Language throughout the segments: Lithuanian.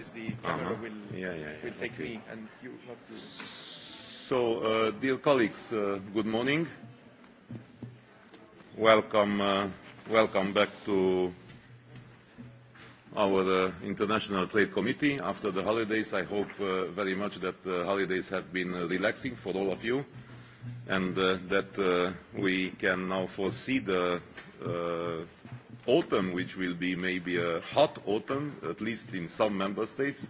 otherwise the camera uh -huh. will, yeah, yeah, yeah. will take okay. me and you have to... So, uh, dear colleagues, uh, good morning. Welcome, uh, welcome back to our uh, International Trade Committee. After the holidays, I hope uh, very much that the uh, holidays have been uh, relaxing for all of you and uh, that uh, we can now foresee the uh, autumn, which will be maybe a hot autumn, at least in some member states,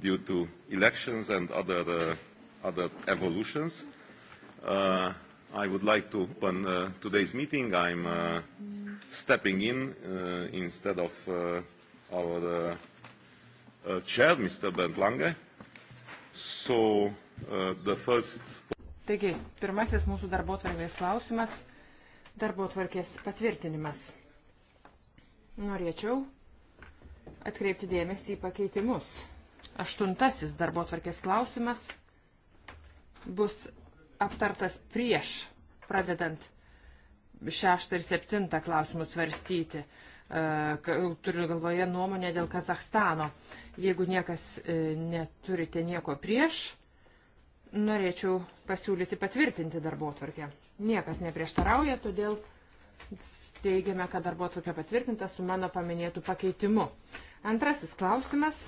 due to elections and other, uh, other evolutions. Uh, I would like to open uh, today's meeting. I'm uh, stepping in uh, instead of uh, our uh, uh, chair, Mr. Bernd Lange. So uh, the first... Taigi, pirmasis mūsų darbo tvarkės klausimas – darbo tvarkės patvirtinimas. Norėčiau atkreipti dėmesį į pakeitimus. Aštuntasis darbo tvarkės klausimas bus aptartas prieš pradedant šeštą ir septintą klausimus svarstyti. E, turiu galvoje nuomonę dėl Kazahstano. Jeigu niekas e, neturite nieko prieš, norėčiau pasiūlyti patvirtinti darbo tvarkę. Niekas neprieštarauja, todėl. Teigiame, kad darbo atvarkė patvirtinta su mano paminėtų pakeitimu. Antrasis klausimas.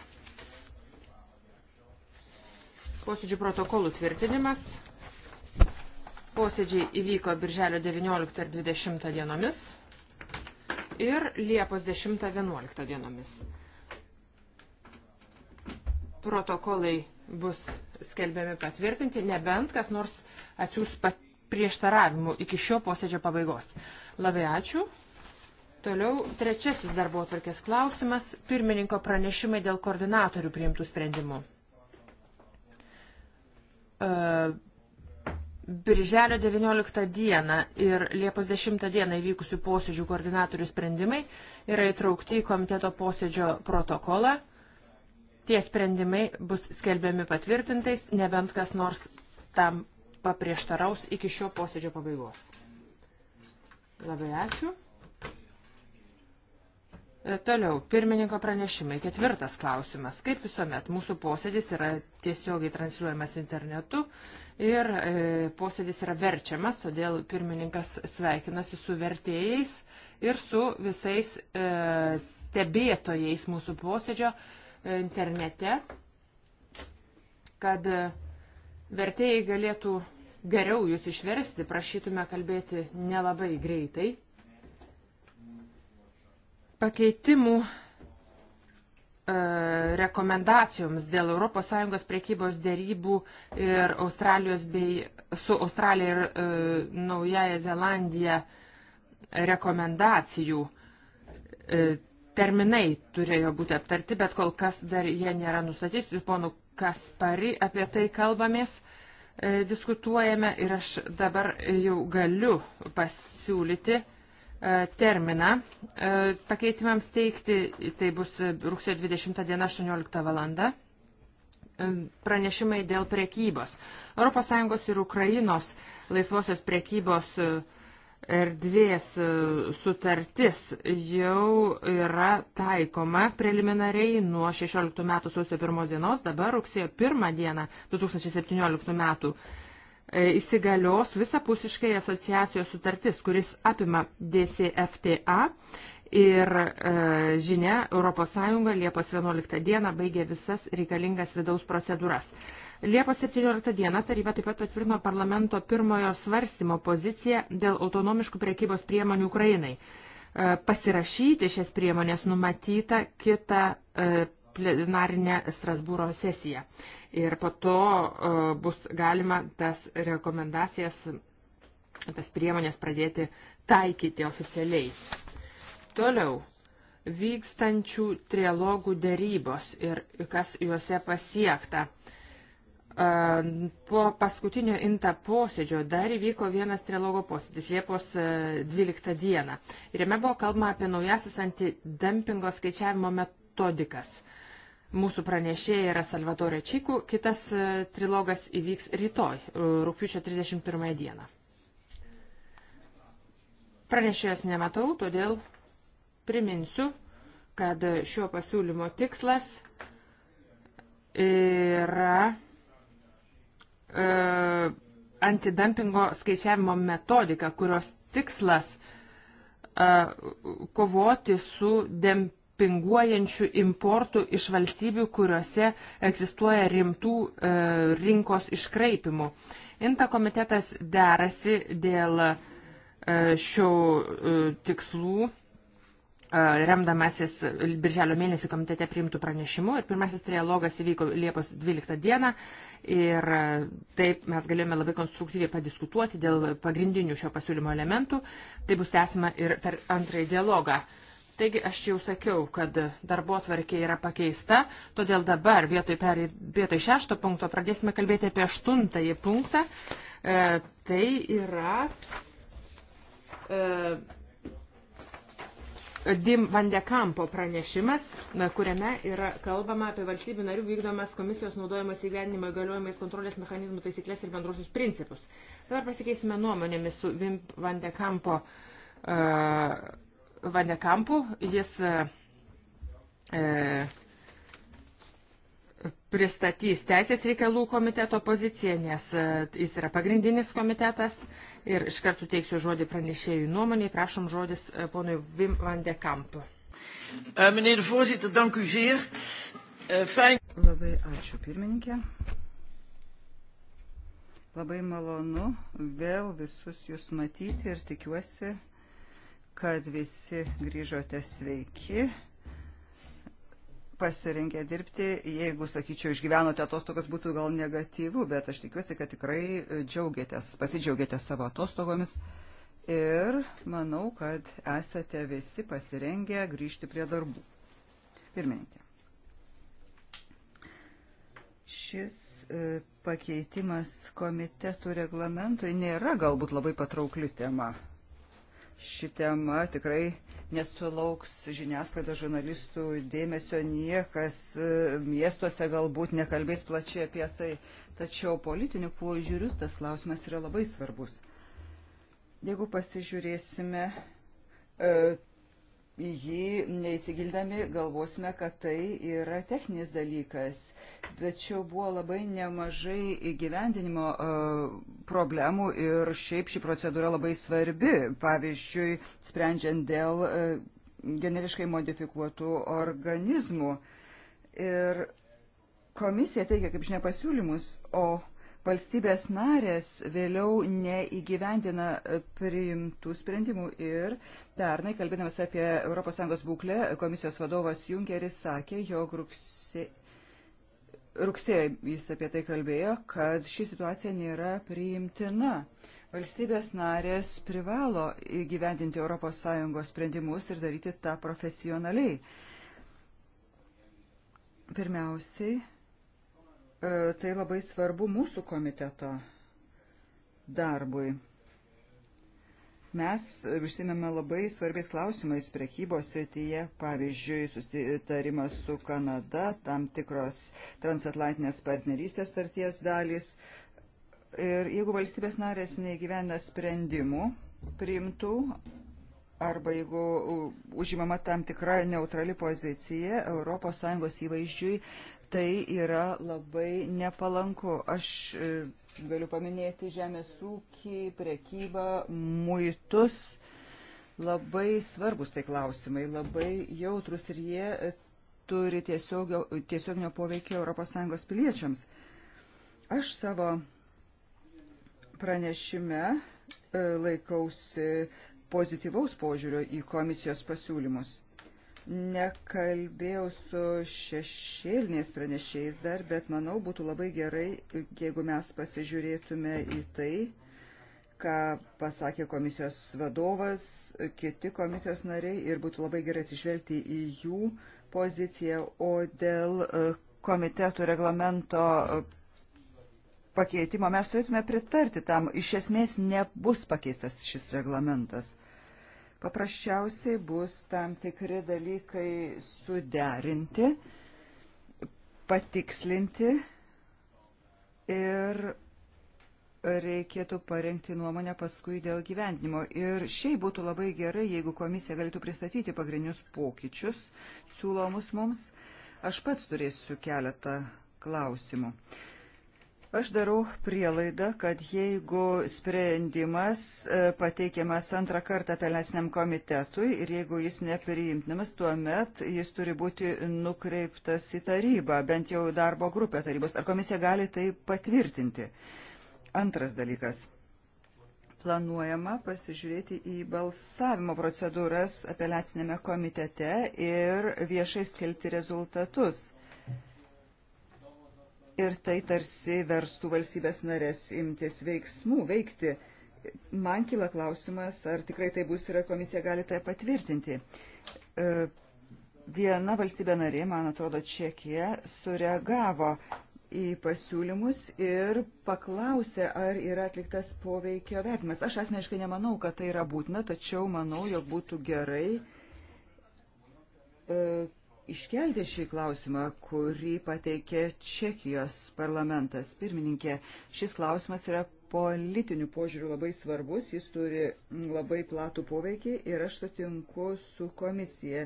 Posėdžių protokolų tvirtinimas. Posėdžiai įvyko birželio 19 ir 20 dienomis ir Liepos 10-11 dienomis. Protokolai bus skelbiami patvirtinti, nebent kas nors atsiūs prieštaravimų iki šio posėdžio pabaigos. Labai ačiū. Toliau trečiasis darbo atvarkės klausimas - pirmininko pranešimai dėl koordinatorių priimtų sprendimų. E, Birželio 19 dieną ir Liepos 10 dieną įvykusių posėdžių koordinatorių sprendimai yra įtraukti į komiteto posėdžio protokolą. Tie sprendimai bus skelbiami patvirtintais, nebent kas nors tam paprieštaraus iki šio posėdžio pabaigos. Labai ačiū. E, toliau, pirmininko pranešimai. Ketvirtas klausimas. Kaip visuomet, mūsų posėdis yra tiesiogiai transliuojamas internetu ir e, posėdis yra verčiamas, todėl pirmininkas sveikinasi su vertėjais ir su visais e, stebėtojais mūsų posėdžio e, internete, kad e, vertėjai galėtų geriau jūs išversti, prašytume kalbėti nelabai greitai. Pakeitimų e, rekomendacijoms dėl ES priekybos dėrybų ir Australijos bei su Australija ir e, Naujaja Zelandija rekomendacijų. E, terminai turėjo būti aptarti, bet kol kas dar jie nėra nustatyti. Su ponu Kaspari apie tai kalbamės. E, E, diskutuojame ir aš dabar jau galiu pasiūlyti e, terminą e, pakeitimams teikti. Tai bus rugsėjo 20 diena 18 valanda. Pranešimai dėl priekybos. ES ir Ukrainos laisvosios priekybos uh, erdvės e, sutartis jau yra taikoma preliminariai nuo 16 metų sausio 1 dienos, dabar rugsėjo 1 dieną 2017 metų e, įsigalios visapusiškai asociacijos sutartis, kuris apima DCFTA ir e, žinia, ES Liepos 11 dieną baigė visas reikalingas vidaus procedūras. Liepos 17 dieną taryba taip pat patvirtino parlamento pirmojo svarstymo poziciją dėl autonomiškų priekybos priemonių Ukrainai. E, pasirašyti šias priemonės numatyta kitą e, plenarinę Strasbūro sesiją. Ir po to e, bus galima tas rekomendacijas, tas priemonės pradėti taikyti oficialiai. Toliau vykstančių trialogų dėrybos ir kas juose pasiekta. Uh, Po paskutinio INTA posėdžio dar įvyko vienas trilogo posėdis Liepos 12 e, dieną. Ir jame buvo kalbama apie naujasis antidumpingo skaičiavimo metodikas. Mūsų pranešėja yra Salvatore Čikų, kitas e, trilogas įvyks rytoj, e, rūpiučio 31 dieną. Pranešėjos nematau, todėl priminsiu, kad šio pasiūlymo tikslas yra E, antidumpingo skaičiavimo metodika, kurios tikslas e, kovoti su dempinguojančiu importu iš valstybių, kuriuose egzistuoja rimtų e, rinkos iškraipimų. Inta komitetas derasi dėl šių tikslų remdamasis Birželio mėnesį komitete priimtų pranešimu ir pirmasis trialogas įvyko Liepos 12 dieną ir taip mes galėjome labai konstruktyviai padiskutuoti dėl pagrindinių šio pasiūlymo elementų. Tai bus tęsima ir per antrąjį dialogą. Taigi aš jau sakiau, kad darbo tvarkė yra pakeista, todėl dabar vietoj, per, vietoj šešto punkto pradėsime kalbėti apie aštuntąjį punktą. E, tai yra. E, Dim Vandekampo pranešimas, kuriame yra kalbama apie valstybių narių vykdomas komisijos naudojamas įgyvenimo įgaliojimais kontrolės mechanizmų taisyklės ir bendrusius principus. Dabar pasikeisime nuomonėmis su Vim Vandekampo. Uh, e, Vandekampu. Jis uh, uh, pristatys Teisės reikalų komiteto poziciją, nes e, jis yra pagrindinis komitetas. Ir iš karto teiksiu žodį pranešėjų nuomonį. Prašom žodis e, ponui Vim van de Kamp. Eh, meneer de voorzitter, dank u zeer. Eh, fijn. Labai ačiū pirmininkė. Labai malonu vėl visus jūs matyti ir tikiuosi, kad visi grįžote sveiki pasirengę dirbti. Jeigu, sakyčiau, išgyvenote atostogas, būtų gal negatyvu, bet aš tikiuosi, kad tikrai e, džiaugiatės, pasidžiaugiate savo atostogomis. Ir manau, kad esate visi pasirengę grįžti prie darbų. Pirmininkė. Šis e, pakeitimas komitetų reglamentui nėra galbūt labai patraukli tema ši tema tikrai nesulauks žiniasklaidos žurnalistų dėmesio niekas, e, miestuose galbūt nekalbės plačiai apie tai, tačiau politiniu požiūriu tas klausimas yra labai svarbus. Jeigu pasižiūrėsime e, jį neįsigildami galvosime, kad tai yra techninis dalykas. Tačiau buvo labai nemažai įgyvendinimo e, problemų ir šiaip ši procedūra labai svarbi. Pavyzdžiui, sprendžiant dėl e, genetiškai modifikuotų organizmų. Ir komisija teikia, kaip žinia, pasiūlymus, o valstybės narės vėliau neįgyvendina priimtų sprendimų. Ir pernai, kalbėdamas apie ES būklę, komisijos vadovas Junkeris sakė, jog rugsė... rugsėjo jis apie tai kalbėjo, kad ši situacija nėra priimtina. Valstybės narės privalo įgyvendinti ES sprendimus ir daryti tą profesionaliai. Pirmiausiai, E, tai labai svarbu mūsų komiteto darbui. Mes užsimėme labai svarbiais klausimais prekybos srityje, pavyzdžiui, susitarimas su Kanada, tam tikros transatlantinės partnerystės starties dalys. Ir jeigu valstybės narės neįgyvena sprendimų priimtų, arba jeigu užimama tam tikra neutrali pozicija, ES įvaizdžiui tai yra labai nepalanku. Aš e, galiu paminėti žemės ūkį, prekybą, muitus. Labai svarbus tai klausimai, labai jautrus ir jie e, turi tiesiogio, tiesioginio poveikio ES piliečiams. Aš savo pranešime e, laikausi pozityvaus požiūrio į komisijos pasiūlymus. Nekalbėjau su šešėliniais pranešėjais dar, bet manau būtų labai gerai, jeigu mes pasižiūrėtume į tai, ką pasakė komisijos vadovas, kiti komisijos nariai ir būtų labai gerai atsižvelgti į jų poziciją, o dėl e, komitetų reglamento e, pakeitimo mes turėtume pritarti tam. Iš esmės nebus pakeistas šis reglamentas paprasčiausiai bus tam tikri dalykai suderinti, patikslinti ir reikėtų parengti nuomonę paskui dėl gyvendinimo. Ir šiaip būtų labai gerai, jeigu komisija galėtų pristatyti pagrindinius pokyčius siūlomus mums. Aš pats turėsiu keletą klausimų. Uh, Aš darau prielaidą, kad jeigu sprendimas e, pateikiamas antrą kartą pelnesniam komitetui ir jeigu jis nepriimtinamas, tuomet jis turi būti nukreiptas į tarybą, bent jau darbo grupę tarybos. Ar komisija gali tai patvirtinti? Antras dalykas. Planuojama pasižiūrėti į balsavimo procedūras apeliacinėme komitete ir viešai skelbti rezultatus ir tai tarsi verstų valstybės narės imtis veiksmų, veikti. Man kila klausimas, ar tikrai tai bus ir ar komisija gali tai patvirtinti. E, viena valstybė narė, man atrodo, Čekija, sureagavo į pasiūlymus ir paklausė, ar yra atliktas poveikio vertimas. Aš asmeniškai nemanau, kad tai yra būtina, tačiau manau, jog būtų gerai e, iškelti šį klausimą, kurį pateikė Čekijos parlamentas. Pirmininkė, šis klausimas yra politinių požiūrių labai svarbus, jis turi labai platų poveikį ir aš sutinku su komisija.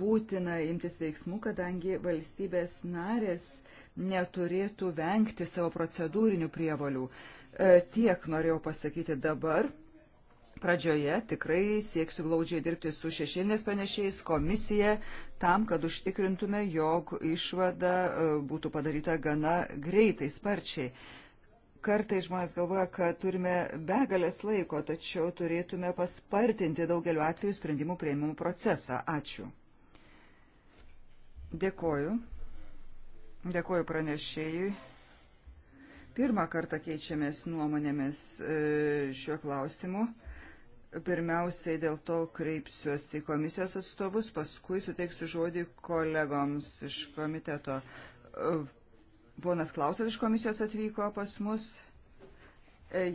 Būtina imtis veiksmų, kadangi valstybės narės neturėtų vengti savo procedūrinių prievalių. E, tiek norėjau pasakyti dabar. Pradžioje tikrai sieksiu glaudžiai dirbti su šešėlinės pranešėjais komisija tam, kad užtikrintume, jog išvada e, būtų padaryta gana greitai, sparčiai. Kartai žmonės galvoja, kad turime begalės laiko, tačiau turėtume paspartinti daugeliu atveju sprendimų prieimimų procesą. Ačiū. Dėkoju. Dėkoju pranešėjui. Pirmą kartą keičiamės nuomonėmis e, šiuo klausimu. Pirmiausiai dėl to kreipsiuosi komisijos atstovus, paskui suteiksiu žodį kolegoms iš komiteto. Ponas Klausas iš komisijos atvyko pas mus,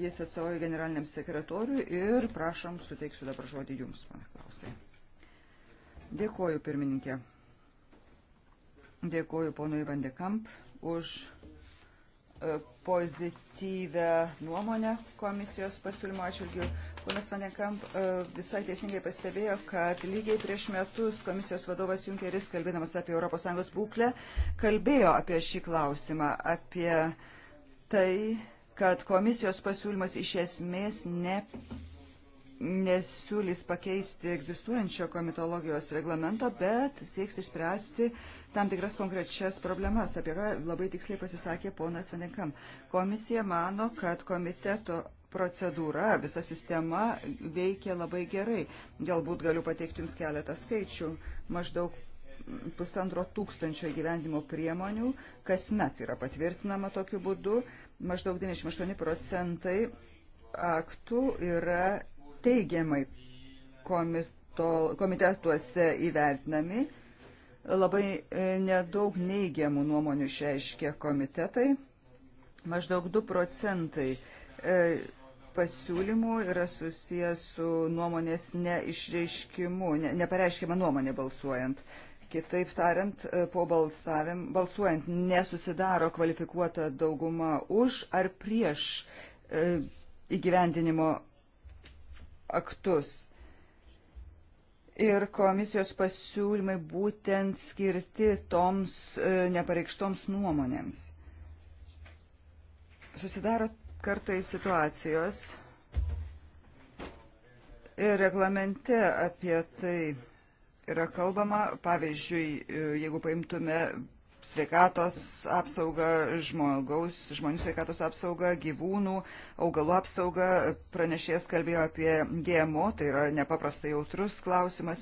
jis atstovauja generaliniam sekretoriui ir prašom suteiksiu dabar žodį jums, pana Klausai. Dėkoju, pirmininkė. Dėkoju ponui Vandekamp už E, pozityvę nuomonę komisijos pasiūlymo atžvilgių. Ponas Vanekamp e, visai teisingai pastebėjo, kad lygiai prieš metus komisijos vadovas Junkeris, kalbėdamas apie ES būklę, kalbėjo apie šį klausimą, apie tai, kad komisijos pasiūlymas iš esmės ne, nesiūlys pakeisti egzistuojančio komitologijos reglamento, bet sieks išspręsti tam tikras konkrečias problemas, apie ką labai tiksliai pasisakė ponas Vanenkam. Komisija mano, kad komiteto procedūra, visa sistema veikia labai gerai. Galbūt galiu pateikti Jums keletą skaičių. Maždaug pusantro tūkstančio gyvendimo priemonių kasmet yra patvirtinama tokiu būdu. Maždaug 98 procentai aktų yra teigiamai komitetuose įvertinami Labai e, nedaug neigiamų nuomonių išreiškė komitetai. Maždaug 2 procentai e, pasiūlymų yra susijęs su nuomonės neišreiškimu, ne, nepareiškima nuomonė balsuojant. Kitaip tariant, e, po balsavim, balsuojant nesusidaro kvalifikuota dauguma už ar prieš e, įgyvendinimo aktus. Ir komisijos pasiūlymai būtent skirti toms e, nepareikštoms nuomonėms. Susidaro kartai situacijos ir reglamente apie tai yra kalbama. Pavyzdžiui, e, jeigu paimtume sveikatos apsaugą, žmogaus, žmonių sveikatos apsaugą, gyvūnų, augalų apsaugą. Pranešėjas kalbėjo apie GMO, tai yra nepaprastai jautrus klausimas.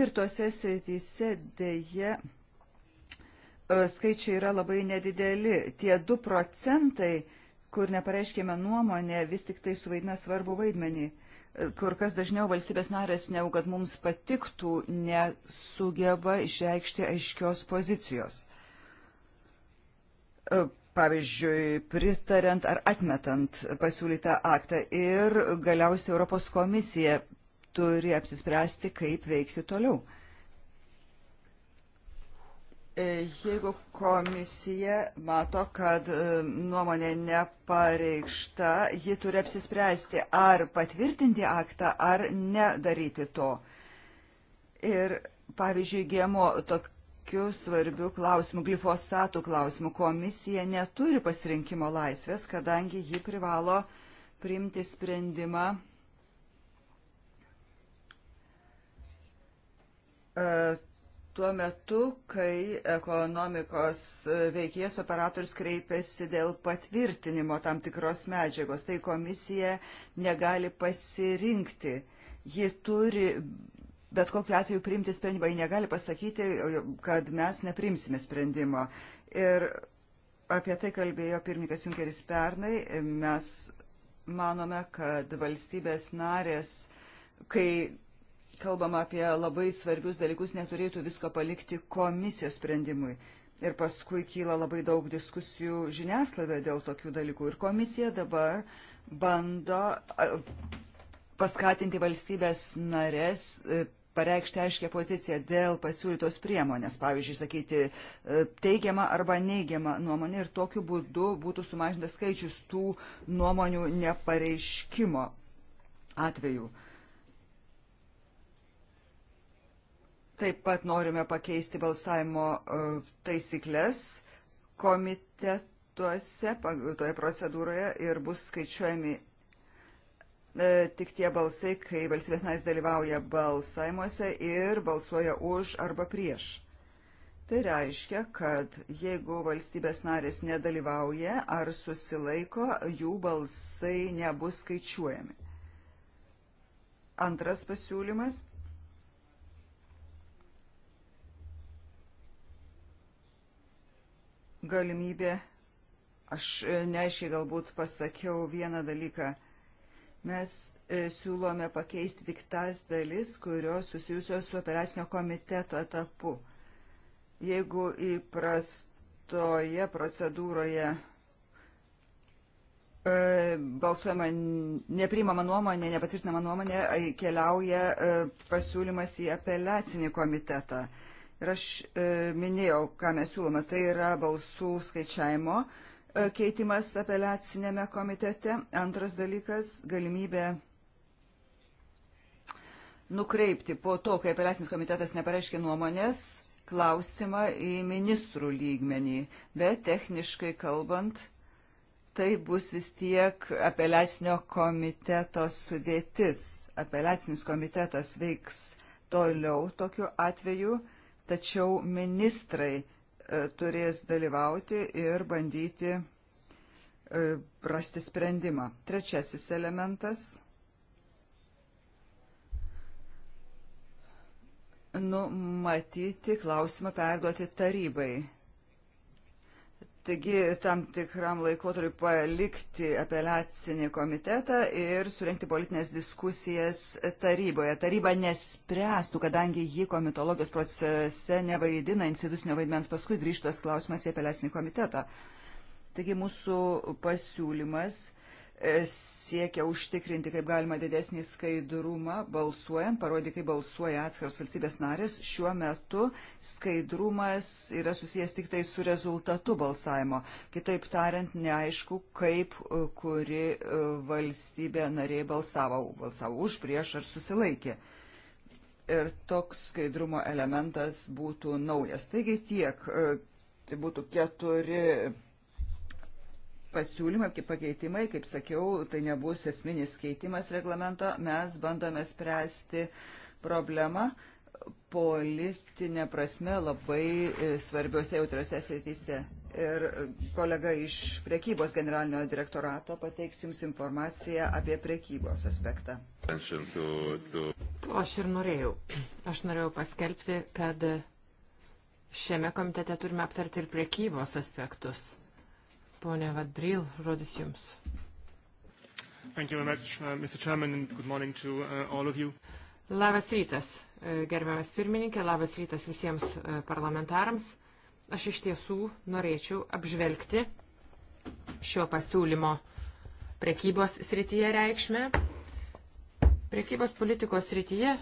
Ir tose srityse dėje e, skaičiai yra labai nedideli. Tie 2 procentai, kur nepareiškėme nuomonę, vis tik tai suvaidina svarbu vaidmenį e, kur kas dažniau valstybės narės, negu kad mums patiktų, nesugeba išreikšti aiškios pozicijos. E, pavyzdžiui, pritariant ar atmetant pasiūlytą aktą ir galiausiai Europos komisija turi apsispręsti, kaip veikti toliau. E, jeigu komisija mato, kad e, nuomonė nepareikšta, ji turi apsispręsti, ar patvirtinti aktą, ar nedaryti to. Ir pavyzdžiui, GMO tok, tokiu svarbiu klausimu, glifosatų klausimu. Komisija neturi pasirinkimo laisvės, kadangi ji privalo priimti sprendimą e, tuo metu, kai ekonomikos veikėjas operatorius kreipiasi dėl patvirtinimo tam tikros medžiagos. Tai komisija negali pasirinkti. Ji turi bet kokiu atveju priimti sprendimą. Jie negali pasakyti, e, kad mes neprimsime sprendimo. Ir apie tai kalbėjo pirmininkas Junkeris pernai. Mes manome, kad valstybės narės, kai kalbam apie labai svarbius dalykus, neturėtų visko palikti komisijos sprendimui. Ir paskui kyla labai daug diskusijų žiniasklaidoje dėl tokių dalykų. Ir komisija dabar bando e, paskatinti valstybės narės e, pareikšti aiškę poziciją dėl pasiūlytos priemonės, pavyzdžiui, sakyti e, teigiamą arba neigiamą nuomonę ir tokiu būdu būtų sumažintas skaičius tų nuomonių nepareiškimo atveju. Taip pat norime pakeisti balsavimo e, taisyklės komitetuose, toje procedūroje ir bus skaičiuojami E, tik tie balsai, kai valstybės narys dalyvauja balsavimuose ir balsuoja už arba prieš. Tai reiškia, kad jeigu valstybės narės nedalyvauja ar susilaiko, jų balsai nebus skaičiuojami. Antras pasiūlymas. Galimybė. Aš neaiškiai galbūt pasakiau vieną dalyką Mes e, siūlome pakeisti tik tas dalis, kurios susijusios su operacinio komiteto etapu. Jeigu įprastoje procedūroje e, balsuojama, neprimama nuomonė, nepatvirtinama nuomonė, keliauja e, pasiūlymas į apeliacinį komitetą. Ir aš minėjau, ką mes siūlome, tai yra balsų skaičiavimo keitimas apeliacinėme komitete. Antras dalykas - galimybė nukreipti po to, kai apeliacinis komitetas nepareiškė nuomonės, klausimą į ministrų lygmenį. Bet techniškai kalbant, tai bus vis tiek apeliacinio komiteto sudėtis. Apeliacinis komitetas veiks toliau tokiu atveju, tačiau ministrai E, turės dalyvauti ir bandyti e, rasti sprendimą. Trečiasis elementas numatyti klausimą perduoti tarybai. Taigi tam tikram laikotarpiu palikti apeliacinį komitetą ir surenkti politinės diskusijas taryboje. Taryba nespręstų, kadangi ji komitologijos procese nevaidina institucinio vaidmens, paskui grįžtas klausimas į apeliacinį komitetą. Taigi mūsų pasiūlymas E, siekia užtikrinti kaip galima didesnį skaidrumą balsuojant, parodė, kaip balsuoja atskiros valstybės narės. Šiuo metu skaidrumas yra susijęs tik tai su rezultatu balsavimo. Kitaip tariant, neaišku, kaip e, kuri e, valstybė nariai balsavo, balsavo už, prieš ar susilaikė. Ir toks skaidrumo elementas būtų naujas. Taigi tiek, tai būtų keturi pasiūlymai, kaip pakeitimai, kaip sakiau, tai nebus esminis keitimas reglamento, mes bandome spręsti problemą politinė prasme labai e, svarbiose jautriose srityse. Ir e, kolega iš priekybos generalinio direktorato pateiks jums informaciją apie priekybos aspektą. To aš ir norėjau. Aš norėjau paskelbti, kad šiame komitete turime aptarti ir priekybos aspektus. Pone Vadbril, žodis Jums. Thank you very much, uh, Mr. Chairman, and good morning to uh, all of you. Labas rytas, e, gerbiamas pirmininkė, labas rytas visiems e, parlamentarams. Aš iš tiesų norėčiau apžvelgti šio pasiūlymo prekybos srityje reikšmę. Prekybos politikos srityje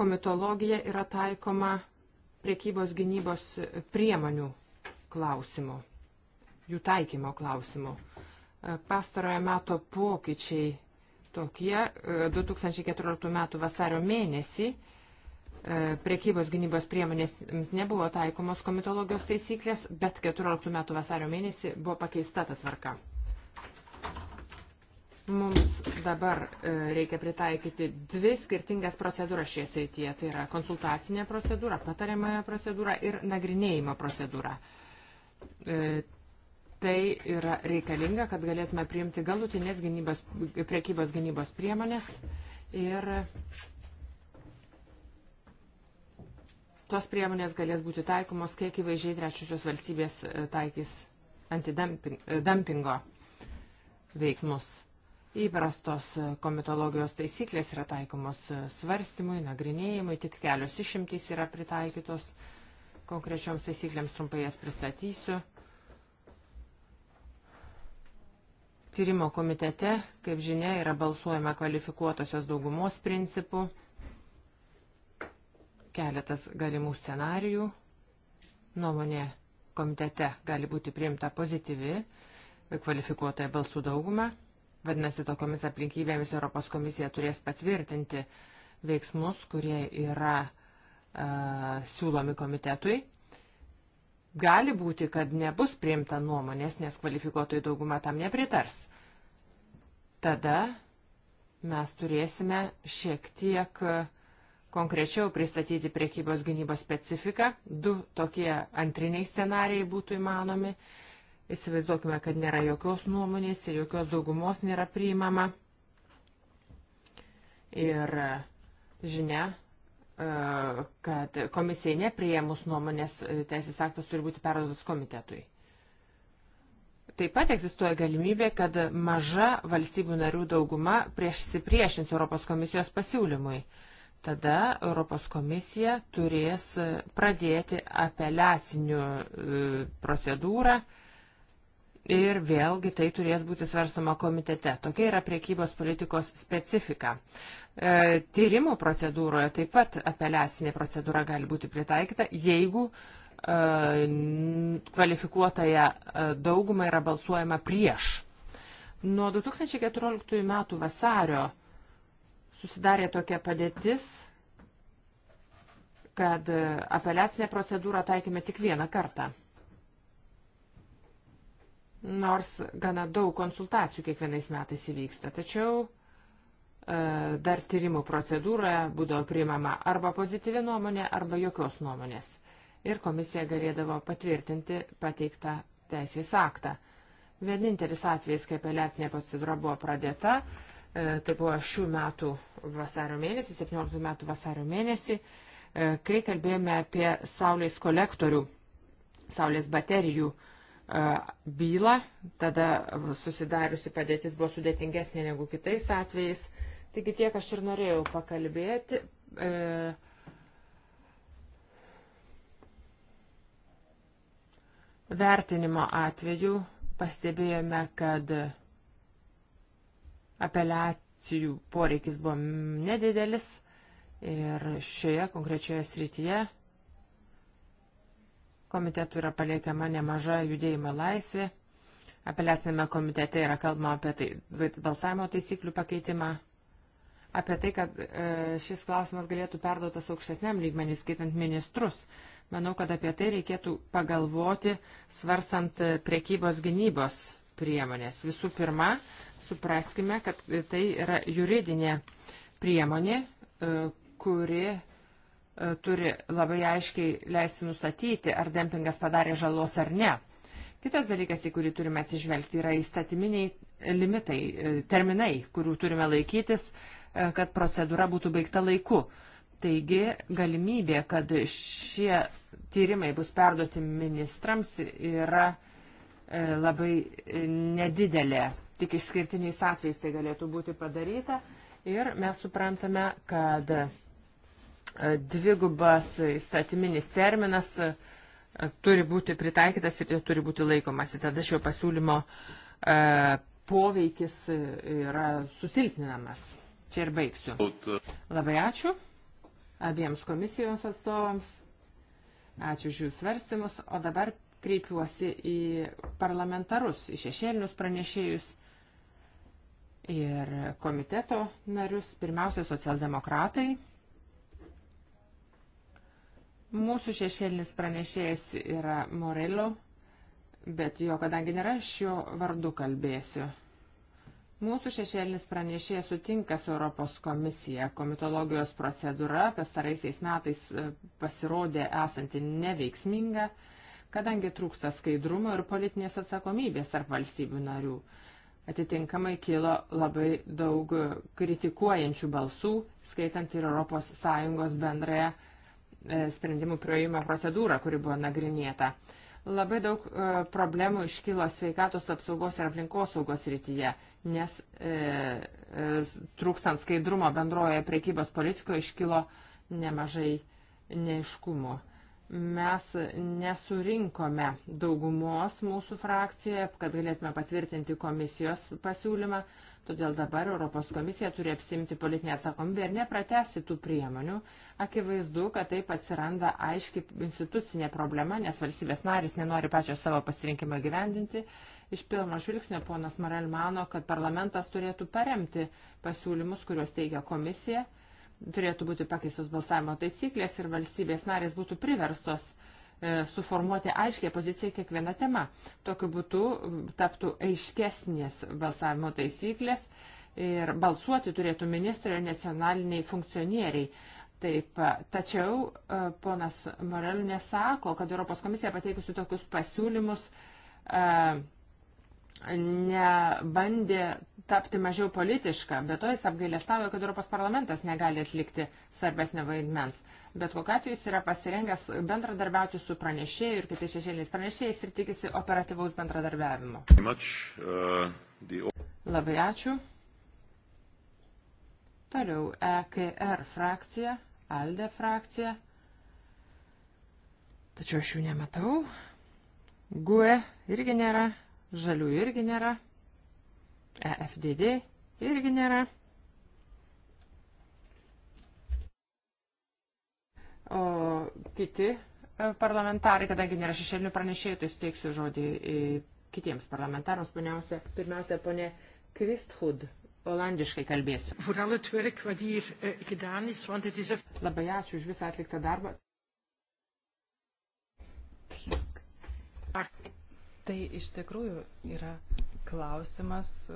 komitologija yra taikoma priekybos gynybos priemonių klausimu, jų taikymo klausimu. E, pastarojo meto pokyčiai tokie. 2014 e, m. vasario mėnesį e, priekybos gynybos priemonėms nebuvo taikomos komitologijos taisyklės, bet 2014 m. vasario mėnesį buvo pakeista ta tvarka. Mums dabar e, reikia pritaikyti dvi skirtingas procedūras šioje srityje. Tai yra konsultacinė procedūra, patariamąją procedūrą ir nagrinėjimo procedūrą. E, tai yra reikalinga, kad galėtume priimti galutinės gynybos, priekybos gynybos priemonės ir tos priemonės galės būti taikomos, kiek įvaizdžiai trečiosios valstybės e, taikys antidumpingo veiksmus. Įprastos komitologijos taisyklės yra taikomos svarstymui, nagrinėjimui, tik kelios išimtys yra pritaikytos. Konkrečioms taisyklėms trumpai jas pristatysiu. Tyrimo komitete, kaip žinia, yra balsuojama kvalifikuotosios daugumos principų, keletas galimų scenarijų, nuomonė komitete gali būti priimta pozityvi, kvalifikuotai balsų daugumą Vadinasi, tokiamis aplinkybėmis Europos komisija turės patvirtinti veiksmus, kurie yra uh, siūlomi komitetui. Gali būti, kad nebus priimta nuomonės, nes kvalifikuotojų dauguma tam nepritars. Tada mes turėsime šiek tiek konkrečiau pristatyti priekybos gynybos specifiką. Du tokie antriniai scenarijai būtų įmanomi. Uh, Įsivaizduokime, kad nėra jokios nuomonės ir jokios daugumos nėra priimama. Ir e, žinia, e, kad komisijai nepriėmus nuomonės e, teisės aktas turi būti perduotas komitetui. Taip pat egzistuoja galimybė, kad maža valstybių narių dauguma priešsipriešins Europos komisijos pasiūlymui. Tada Europos komisija turės pradėti apeliacinių procedūrą, ir vėlgi tai turės būti svarstoma komitete. Tokia yra priekybos politikos specifika. E, tyrimų procedūroje taip pat apeliacinė procedūra gali būti pritaikyta, jeigu e, kvalifikuotąją e, daugumą yra balsuojama prieš. Nuo 2014 metų vasario susidarė tokia padėtis, kad e, apeliacinę procedūrą taikėme tik vieną kartą nors gana daug konsultacijų kiekvienais metais įvyksta. Tačiau e, dar tyrimų procedūroje būdavo priimama arba pozityvi nuomonė, arba jokios nuomonės. Ir komisija galėdavo patvirtinti pateiktą teisės aktą. Vienintelis atvejis, kai apeliacinė procedūra buvo pradėta, e, tai buvo šių metų vasario mėnesį, 17 metų vasario mėnesį, e, kai kalbėjome apie saulės kolektorių, saulės baterijų e, bylą, tada susidariusi padėtis buvo sudėtingesnė negu kitais atvejais. Taigi tiek aš ir norėjau pakalbėti. E, vertinimo atveju pastebėjome, kad apeliacijų poreikis buvo nedidelis ir šioje konkrečioje srityje Komitetų yra paliekama nemaža judėjimo laisvė. Apeliacinėme komitete yra kalbama apie tai, balsavimo taisyklių pakeitimą, apie tai, kad e, šis klausimas galėtų perduotas aukštesniam lygmenį, skaitant ministrus. Manau, kad apie tai reikėtų pagalvoti, svarstant e, priekybos gynybos priemonės. Visų pirma, supraskime, kad tai yra juridinė priemonė, e, kuri E, turi labai aiškiai leisti nustatyti, ar dempingas padarė žalos ar ne. Kitas dalykas, į kurį turime atsižvelgti, yra įstatyminiai limitai, e, terminai, kurių turime laikytis, e, kad procedūra būtų baigta laiku. Taigi galimybė, kad šie tyrimai bus perduoti ministrams yra labai nedidelė. Tik išskirtiniais atvejais tai galėtų būti padaryta. Ir mes suprantame, kad dvigubas įstatyminis terminas turi būti pritaikytas ir turi būti laikomasi. Tada šio pasiūlymo poveikis yra susilpninamas. Čia ir baigsiu. Labai ačiū abiems komisijos atstovams. Ačiū už jų svarstymus. O dabar kreipiuosi į parlamentarus, į šešėlinius pranešėjus ir komiteto narius. Pirmiausia, socialdemokratai. Mūsų šešėlinis pranešėjas yra Morello, bet jo, kadangi nėra, aš jo vardu kalbėsiu. Mūsų šešėlinis pranešėjas sutinka su Europos komisija. Komitologijos procedūra pastaraisiais metais e, pasirodė esanti neveiksminga, kadangi trūksta skaidrumo ir politinės atsakomybės tarp valstybių narių. Atitinkamai kilo labai daug kritikuojančių balsų, skaitant ir ES bendrąją E, sprendimų prieimimo procedūrą, kuri buvo nagrinėta. Labai daug e, problemų iškilo sveikatos apsaugos ir aplinkosaugos rytyje, nes e, e, trūkstant skaidrumo bendroje prekybos politikoje iškilo nemažai neiškumų. Mes nesurinkome daugumos mūsų frakcijoje, kad galėtume patvirtinti komisijos pasiūlymą. E, Todėl dabar Europos komisija turi apsimti politinę atsakomybę ir nepratesti tų priemonių. Akivaizdu, kad taip atsiranda aiški institucinė problema, nes valstybės narys nenori pačios savo pasirinkimo gyvendinti. Iš pirmo žvilgsnio ponas Morel mano, kad parlamentas turėtų paremti pasiūlymus, kuriuos teigia komisija turėtų būti pakeistos balsavimo taisyklės ir valstybės narės būtų priverstos E, suformuoti aiškiai poziciją kiekvieną temą. Tokiu būtų taptų aiškesnės balsavimo taisyklės ir balsuoti turėtų ministrai ir nacionaliniai funkcionieriai. Taip, e, tačiau e, ponas Morel nesako, kad Europos komisija pateikusi tokius pasiūlymus nebandė tapti mažiau politiška, bet to jis apgailestavo, kad Europos parlamentas negali atlikti svarbesnio vaidmens bet kokiu atveju jis yra pasirengęs bendradarbiauti su pranešėjai ir kitais šešėliais pranešėjais ir tikisi operatyvaus bendradarbiavimo. Uh, Labai ačiū. Toliau EKR frakcija, ALDE frakcija. Tačiau aš jų nematau. GUE irgi nėra, žalių irgi nėra, EFDD irgi nėra. O kiti e, parlamentarai, kadangi nėra šešėlinių pranešėjų, tai suteiksiu žodį kitiems parlamentarams. Pirmiausia, pirmiausia ponė Kvisthud olandiškai kalbėsiu. E, Labai ačiū už visą atliktą darbą. Tai iš tikrųjų yra klausimas, e,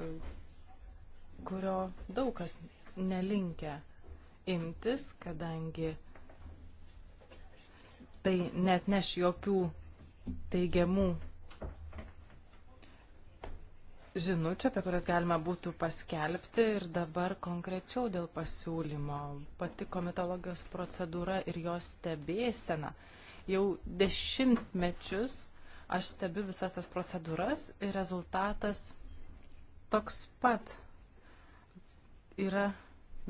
kurio daug kas nelinkia imtis, kadangi tai net neš jokių teigiamų žinučių, apie kurias galima būtų paskelbti ir dabar konkrečiau dėl pasiūlymo. Pati komitologijos procedūra ir jos stebėsena. Jau dešimtmečius aš stebiu visas tas procedūras ir rezultatas toks pat. Yra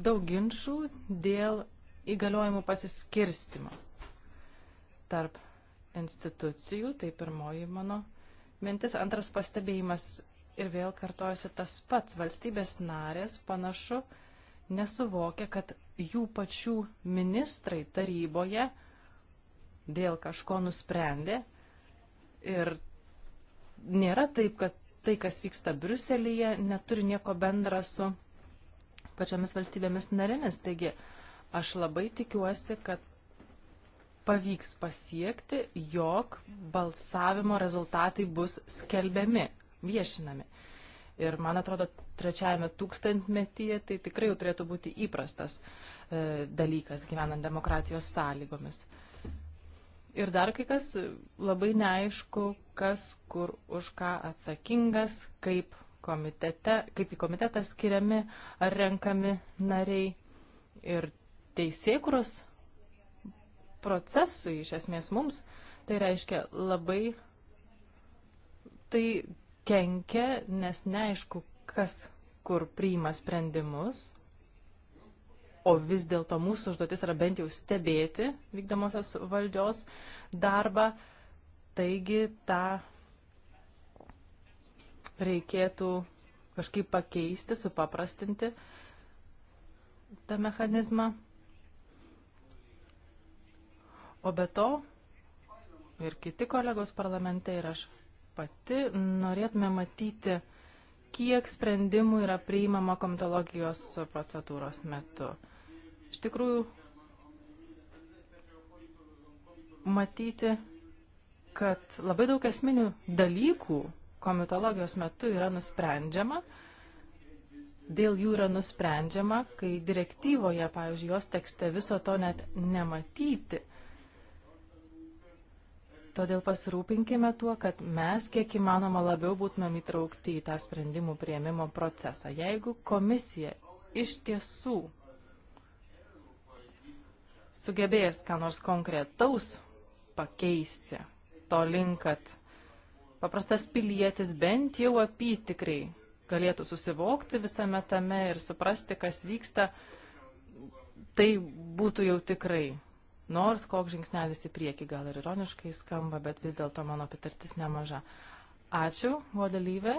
daug ginčių dėl įgaliojimų pasiskirstimo tarp institucijų, tai pirmoji mano mintis. Antras pastebėjimas ir vėl kartojasi tas pats. Valstybės narės panašu nesuvokia, kad jų pačių ministrai taryboje dėl kažko nusprendė ir nėra taip, kad tai, kas vyksta Briuselyje, neturi nieko bendra su pačiomis valstybėmis narėmis. Taigi aš labai tikiuosi, kad pavyks pasiekti, jog balsavimo rezultatai bus skelbiami, viešinami. Ir man atrodo, trečiajame tūkstantmetyje tai tikrai jau turėtų būti įprastas e, dalykas gyvenant demokratijos sąlygomis. Ir dar kai kas e, labai neaišku, kas kur už ką atsakingas, kaip, komitete, kaip į komitetą skiriami ar renkami nariai. Ir teisėkuros procesui, iš esmės mums, tai reiškia labai tai kenkia, nes neaišku, kas kur priima sprendimus, o vis dėlto mūsų užduotis yra bent jau stebėti vykdomosios valdžios darbą. Taigi tą reikėtų kažkaip pakeisti, supaprastinti tą mechanizmą. O be to, ir kiti kolegos parlamente, ir aš pati norėtume matyti, kiek sprendimų yra priimama komitologijos procedūros metu. Iš tikrųjų, matyti, kad labai daug esminių dalykų komitologijos metu yra nusprendžiama, dėl jų yra nusprendžiama, kai direktyvoje, pavyzdžiui, jos tekste viso to net nematyti. Todėl pasirūpinkime tuo, kad mes kiek įmanoma labiau būtumėm įtraukti į tą sprendimų prieimimo procesą. Jeigu komisija iš tiesų sugebės ką nors konkretaus pakeisti to link, kad paprastas pilietis bent jau apytikrai galėtų susivokti visame tame ir suprasti, kas vyksta, tai būtų jau tikrai Nors koks žingsnelis į priekį gal ir ironiškai skamba, bet vis dėlto mano patirtis nemaža. Ačiū, vodalyvė.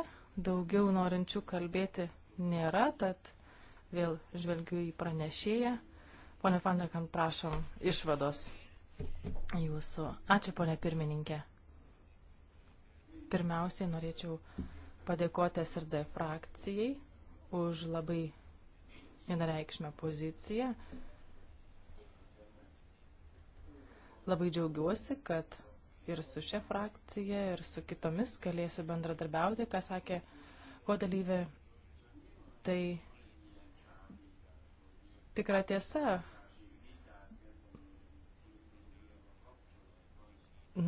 Daugiau norinčių kalbėti nėra, tad vėl žvelgiu į pranešėją. Pone Fandekam, prašom išvados jūsų. Ačiū, ponė pirmininkė. Pirmiausiai norėčiau padėkoti SRD frakcijai už labai vienareikšmę poziciją Labai džiaugiuosi, kad ir su šia frakcija, ir su kitomis galėsiu bendradarbiauti, ką sakė ko dalyvė. Tai tikra tiesa.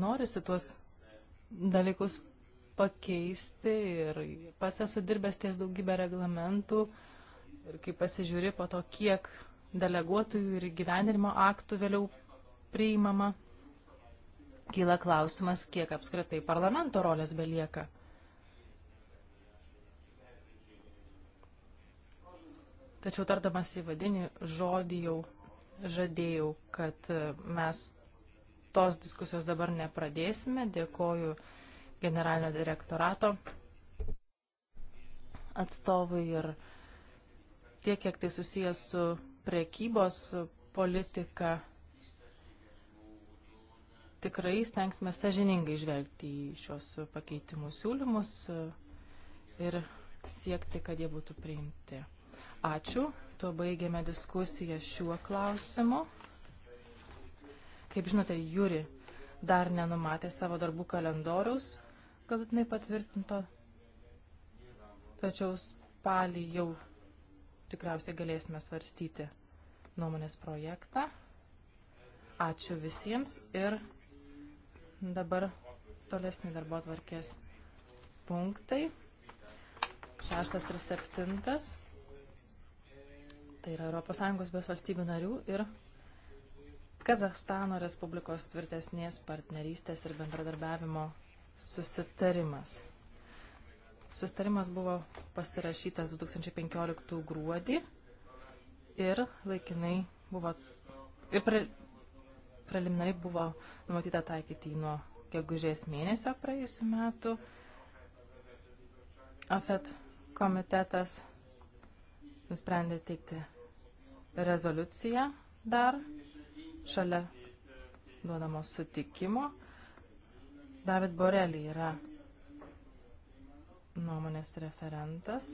Norisi tuos dalykus pakeisti ir pats esu dirbęs ties daugybę reglamentų ir kai pasižiūri po to, kiek deleguotųjų ir gyvenimo aktų vėliau priimama, kyla klausimas, kiek apskritai parlamento rolės belieka. Tačiau tardamas įvadinį žodį jau žadėjau, kad mes tos diskusijos dabar nepradėsime. Dėkoju generalinio direktorato atstovui ir tiek, kiek tai susijęs su prekybos politika tikrai stengsime sažiningai žvelgti į šios pakeitimų siūlymus e, ir siekti, kad jie būtų priimti. Ačiū. Tuo baigėme diskusiją šiuo klausimu. Kaip žinote, Juri dar nenumatė savo darbų kalendoriaus galutinai patvirtinto, tačiau spalį jau tikriausiai galėsime svarstyti nuomonės projektą. Ačiū visiems ir Dabar tolesni darbo atvarkės punktai. Šeštas ir septintas. Tai yra ES bes valstybių narių ir Kazahstano Respublikos tvirtesnės partnerystės ir bendradarbiavimo susitarimas. Susitarimas buvo pasirašytas 2015 gruodį ir laikinai buvo ir preliminariai buvo numatyta taikyti nuo gegužės mėnesio praėjusiu metu. AFET komitetas nusprendė teikti rezoliuciją dar šalia duodamos sutikimo. David Borelį yra nuomonės referentas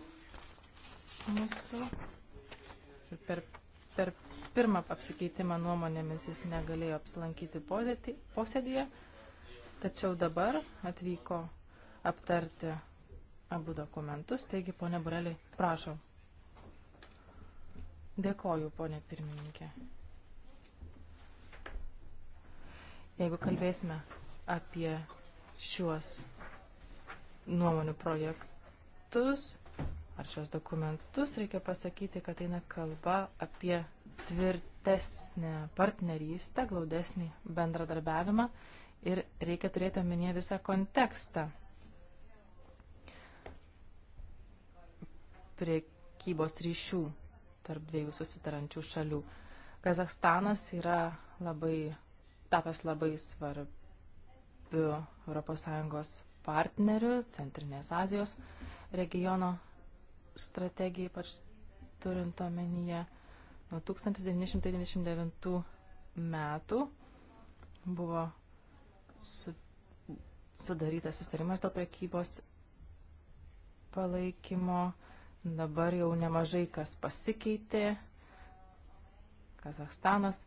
mūsų. Per, per pirmą apsikeitimą nuomonėmis jis negalėjo apsilankyti posėdėje, tačiau dabar atvyko aptarti abu dokumentus. Taigi, ponė Burelį, prašau. Dėkoju, ponė pirmininkė. Jeigu kalbėsime apie šiuos nuomonių projektus ar šios dokumentus, reikia pasakyti, kad eina kalba apie tvirtesnę partnerystę, glaudesnį bendradarbiavimą ir reikia turėti omenyje visą kontekstą. Priekybos ryšių tarp dviejų susitarančių šalių. Kazakstanas yra labai, tapęs labai svarbiu ES partneriu Centrinės Azijos regiono strategijai, ypač turint omenyje Nuo 1999 metų buvo su, sudarytas sustarimas dėl prekybos palaikymo. Dabar jau nemažai kas pasikeitė. Kazahstanas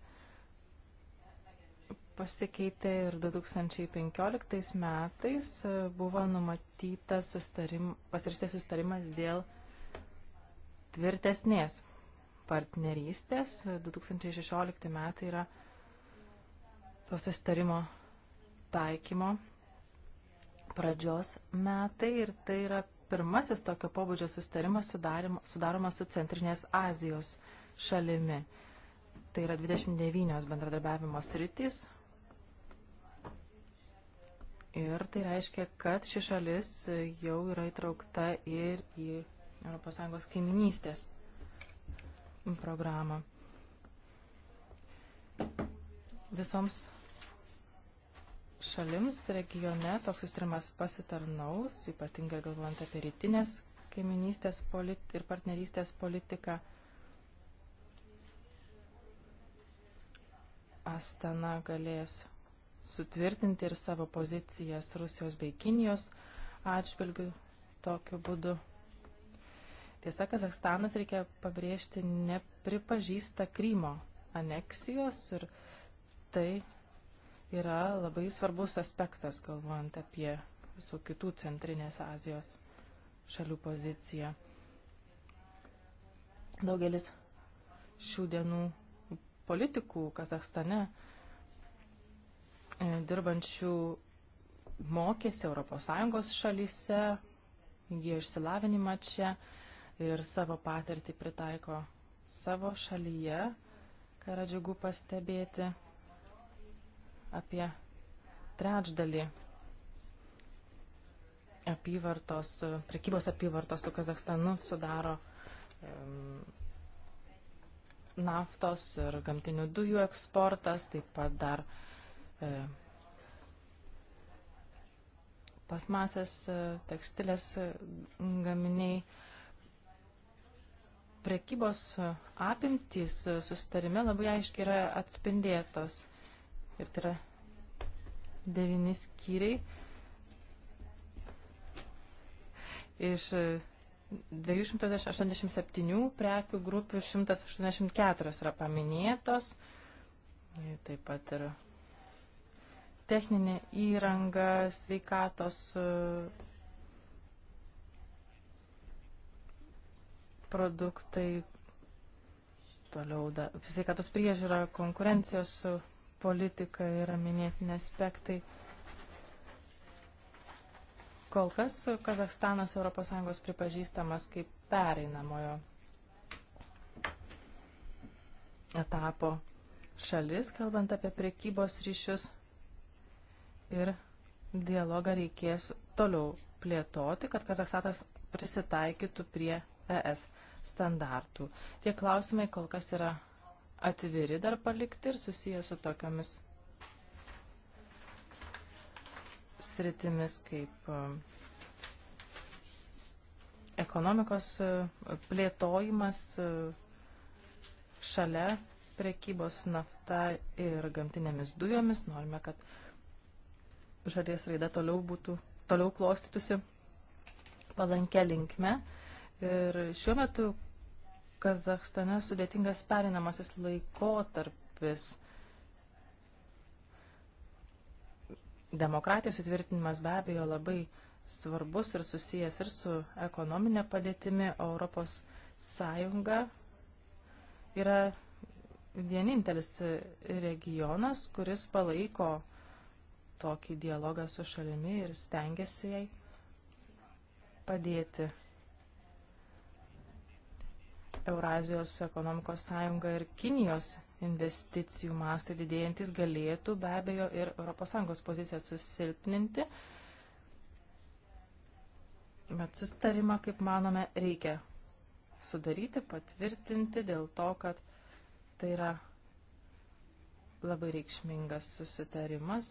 pasikeitė ir 2015 metais buvo numatytas sustarim, pasirašytas sustarimas dėl tvirtesnės partnerystės. 2016 metai yra to susitarimo taikymo pradžios metai ir tai yra pirmasis tokio pobūdžio susitarimas sudaromas su Centrinės Azijos šalimi. Tai yra 29 bendradarbiavimo sritys. Ir tai reiškia, kad ši šalis jau yra įtraukta ir į ES kaiminystės programą. Visoms šalims regione toks sustarimas pasitarnaus, ypatingai galvojant apie rytinės kaiminystės ir partnerystės politiką. Astana galės sutvirtinti ir savo pozicijas Rusijos bei Kinijos atžvilgių tokiu būdu. Tiesa, Kazakstanas, reikia pabrėžti, nepripažįsta Krymo aneksijos ir tai yra labai svarbus aspektas, galvojant apie visų kitų centrinės Azijos šalių poziciją. Daugelis šių dienų politikų Kazakstane e, dirbančių mokėsi ES šalyse, įgyjo išsilavinimą čia ir savo patirtį pritaiko savo šalyje, ką yra džiugu pastebėti apie trečdalį apyvartos, prekybos apyvartos su Kazakstanu sudaro um, naftos ir gamtinių dujų eksportas, taip pat dar e, plasmasės, e, tekstilės e, gaminiai. E, prekybos apimtys susitarime labai aiškiai yra atspindėtos. Ir tai yra devyni skyriai iš 287 prekių grupių 184 yra paminėtos. Taip pat ir techninė įranga, sveikatos produktai, toliau da, sveikatos priežiūra, konkurencijos politika yra minėtini aspektai. Kol kas Kazakstanas ES pripažįstamas kaip pereinamojo etapo šalis, kalbant apie priekybos ryšius ir dialogą reikės toliau plėtoti, kad Kazakstanas prisitaikytų prie ES standartų. Tie klausimai kol kas yra atviri dar palikti ir susiję su tokiomis sritimis kaip e, ekonomikos e, plėtojimas e, šalia prekybos nafta ir gamtinėmis dujomis. Norime, kad šalies raida toliau būtų, toliau klostytųsi palankę linkme. Ir šiuo metu Kazakstane sudėtingas perinamasis laikotarpis. Demokratijos įtvirtinimas be abejo labai svarbus ir susijęs ir su ekonominė padėtimi, o Europos Sąjunga yra vienintelis regionas, kuris palaiko tokį dialogą su šalimi ir stengiasi jai padėti. Eurazijos ekonomikos sąjunga ir Kinijos investicijų mastai didėjantis galėtų be abejo ir ES poziciją susilpninti. Bet sustarimą, kaip manome, reikia sudaryti, patvirtinti dėl to, kad tai yra labai reikšmingas susitarimas.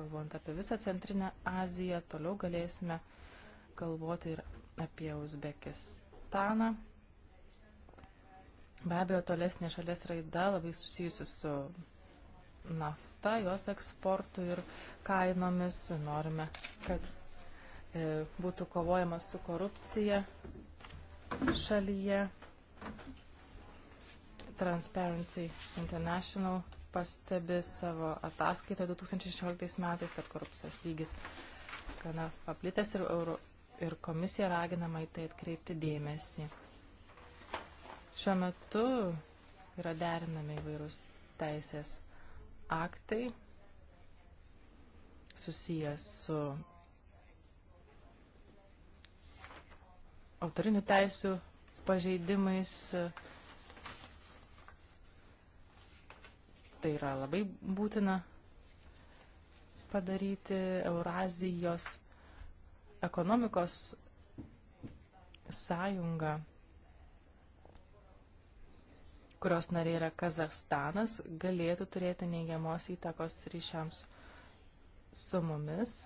Kalbant apie visą Centrinę Aziją, toliau galėsime kalboti ir apie Uzbekistaną. Be abejo, tolesnė šalies raida labai susijusi su nafta, jos eksportu ir kainomis. Norime, kad e, būtų kovojama su korupcija šalyje. Transparency International pastebi savo ataskaitą 2016 metais, kad korupcijos lygis gana paplitęs ir, ir komisija raginama į tai atkreipti dėmesį. Šiuo metu yra derinami įvairūs teisės aktai susijęs su autorinių teisių pažeidimais. Tai yra labai būtina padaryti Eurazijos ekonomikos sąjungą kurios nariai yra Kazahstanas, galėtų turėti neigiamos įtakos ryšiams su mumis.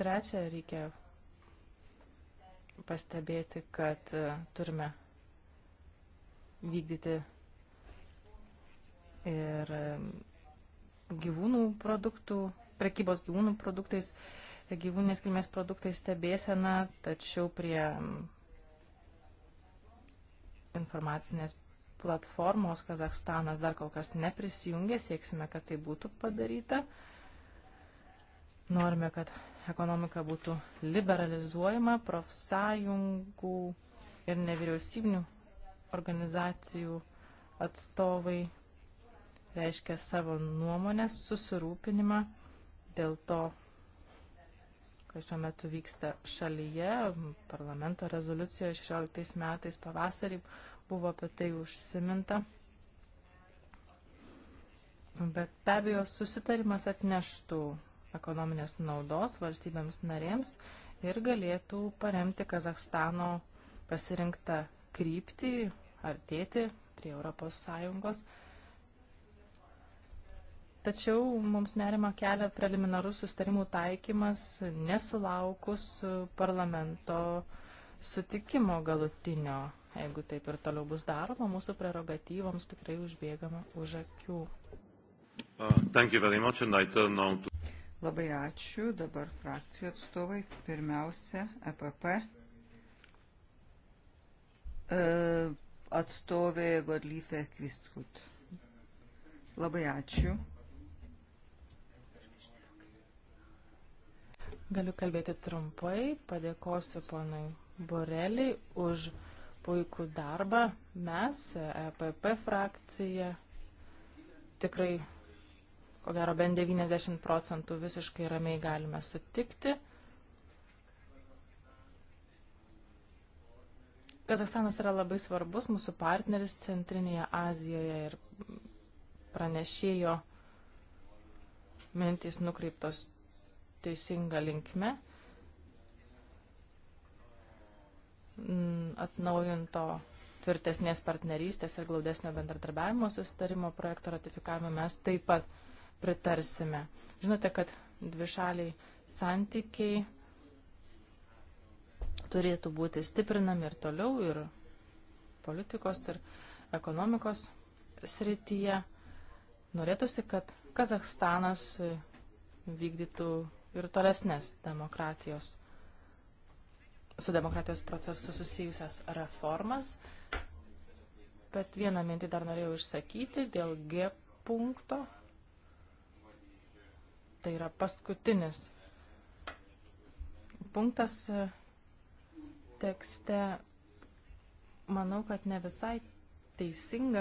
Trečia, reikia pastebėti, kad e, turime vykdyti ir e, gyvūnų produktų, prekybos gyvūnų produktais, gyvūnės kilmės produktais stebėseną, tačiau prie informacinės platformos Kazakstanas dar kol kas neprisijungė, sieksime, kad tai būtų padaryta. Norime, kad ekonomika būtų liberalizuojama, profsąjungų ir nevyriausybinių organizacijų atstovai reiškia savo nuomonę, susirūpinimą dėl to, kas šiuo metu vyksta šalyje. Parlamento rezoliucijoje 16 metais pavasarį buvo apie tai užsiminta. Bet be abejo, susitarimas atneštų ekonominės naudos valstybėms narėms ir galėtų paremti Kazakstano pasirinktą kryptį, artėti prie Europos Sąjungos. Tačiau mums nerima kelia preliminarus sustarimų taikymas nesulaukus parlamento sutikimo galutinio. Jeigu taip ir toliau bus daroma, mūsų prerogatyvoms tikrai užbėgama už akių. Uh, Labai ačiū. Dabar frakcijų atstovai. Pirmiausia, EPP. E, uh, atstovė Godlyfė Kvistkut. Labai ačiū. Galiu kalbėti trumpai. Padėkosiu ponui Boreliai už puikų darbą. Mes, EPP frakcija, tikrai, ko gero, bent 90 procentų visiškai ramiai galime sutikti. Kazakstanas yra labai svarbus mūsų partneris Centrinėje Azijoje ir pranešėjo mintys nukreiptos teisinga linkme. Mm, atnaujinto tvirtesnės partnerystės ir glaudesnio bendradarbiavimo susitarimo projekto ratifikavimą mes taip pat pritarsime. Žinote, kad dvišaliai santykiai turėtų būti stiprinami ir toliau ir politikos ir ekonomikos srityje. Norėtųsi, kad Kazahstanas vykdytų ir tolesnės demokratijos, su demokratijos procesu susijusias reformas. Bet vieną mintį dar norėjau išsakyti dėl G punkto. Tai yra paskutinis punktas e, tekste. Manau, kad ne visai teisinga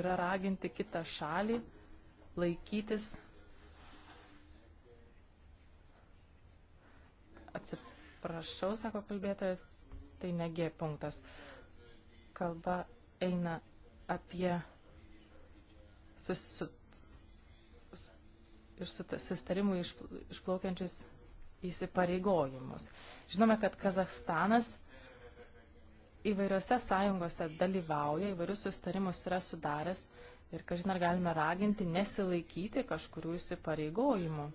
yra raginti kitą šalį laikytis Atsiprašau, sako kalbėtoja, tai negi punktas. Kalba eina apie sus, su, iš sustarimų išplaukiančius įsipareigojimus. Žinome, kad Kazahstanas įvairiose sąjungose dalyvauja, įvairius sustarimus yra sudaręs ir, kažin, ar galime raginti nesilaikyti kažkurių įsipareigojimų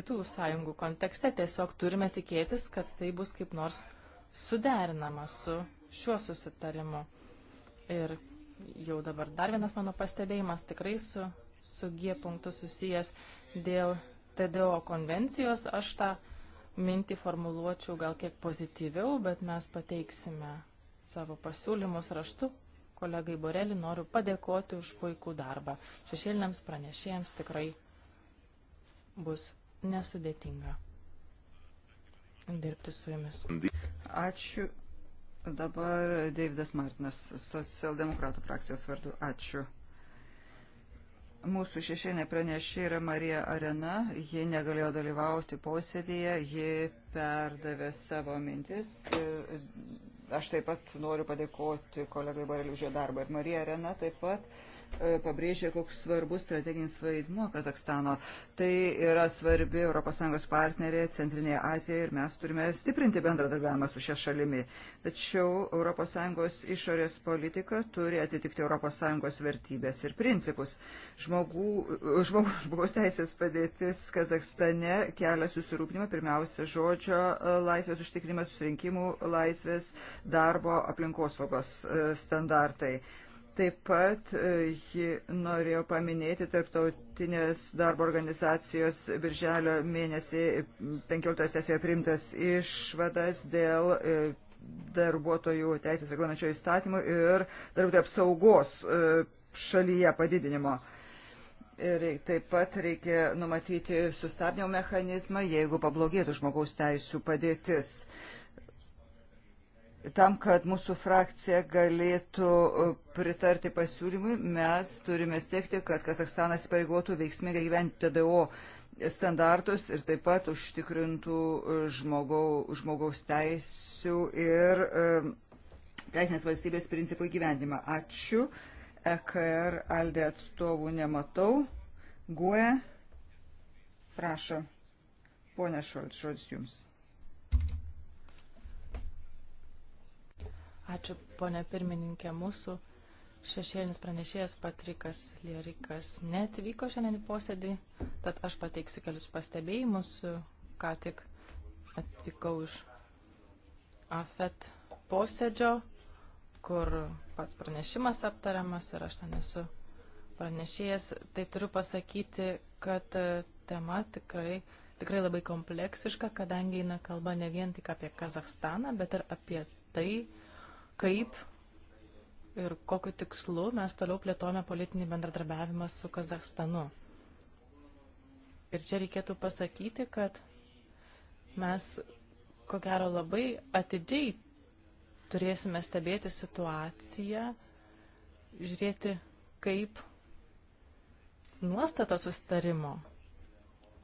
kitų sąjungų kontekste. Tiesiog turime tikėtis, kad tai bus kaip nors suderinama su šiuo susitarimu. Ir jau dabar dar vienas mano pastebėjimas tikrai su, su G punktu susijęs dėl TDO konvencijos. Aš tą mintį formuluočiau gal kiek pozityviau, bet mes pateiksime savo pasiūlymus raštu. Kolegai Borelį noriu padėkoti už puikų darbą. Šešėliniams pranešėjams tikrai bus nesudėtinga dirbti su jumis. Ačiū. Dabar Davidas Martinas, socialdemokratų frakcijos vardu. Ačiū. Mūsų šešėnė pranešė yra Marija Arena, ji negalėjo dalyvauti posėdėje, ji perdavė savo mintis. Aš taip pat noriu padėkoti kolegai Bareliu už jo darbą. Ir Marija Arena taip pat E, pabrėžė, koks svarbus strateginis vaidmuo Kazakstano. Tai yra svarbi ES partnerė Centrinėje Azijoje ir mes turime stiprinti bendradarbiavimą su šia šalimi. Tačiau ES išorės politika turi atitikti ES vertybės ir principus. Žmogų, e, žmogų, žmogaus teisės padėtis Kazakstane kelia susirūpinimą pirmiausia žodžio e, laisvės užtikrimas, susirinkimų laisvės, darbo aplinkosaugos standartai. Taip pat e, ji norėjo paminėti Tarptautinės darbo organizacijos birželio mėnesį 15 sesijoje priimtas išvadas dėl e, darbuotojų teisės reglamenčio įstatymų ir darbuotojų apsaugos e, šalyje padidinimo. Ir taip pat reikia numatyti sustabdymo mechanizmą, jeigu pablogėtų žmogaus teisų padėtis. Uh, Tam, kad mūsų frakcija galėtų e, pritarti pasiūlymui, mes turime siekti, kad Kazakstanas įpareigotų veiksmingai gyventi TDO standartus ir taip pat užtikrintų e, žmogau, žmogaus teisų ir e, teisinės valstybės principų įgyvendimą. Ačiū. EKR Aldė atstovų nematau. GUE. Prašo. Pone Šolts, žodis jums. Ačiū, ponė pirmininkė, mūsų šešėlinis pranešėjas Patrikas Lierikas netvyko šiandien į posėdį, tad aš pateiksiu kelius pastebėjimus, ką tik atvykau iš AFET posėdžio, kur pats pranešimas aptariamas ir aš ten esu pranešėjas. Tai turiu pasakyti, kad e, tema tikrai tikrai labai kompleksiška, kadangi eina kalba ne vien tik apie Kazahstaną, bet ir apie tai, kaip ir kokiu tikslu mes toliau plėtojame politinį bendradarbiavimą su Kazahstanu. Ir čia reikėtų pasakyti, kad mes, ko gero, labai atidžiai turėsime stebėti situaciją, žiūrėti, kaip nuostata sustarimo,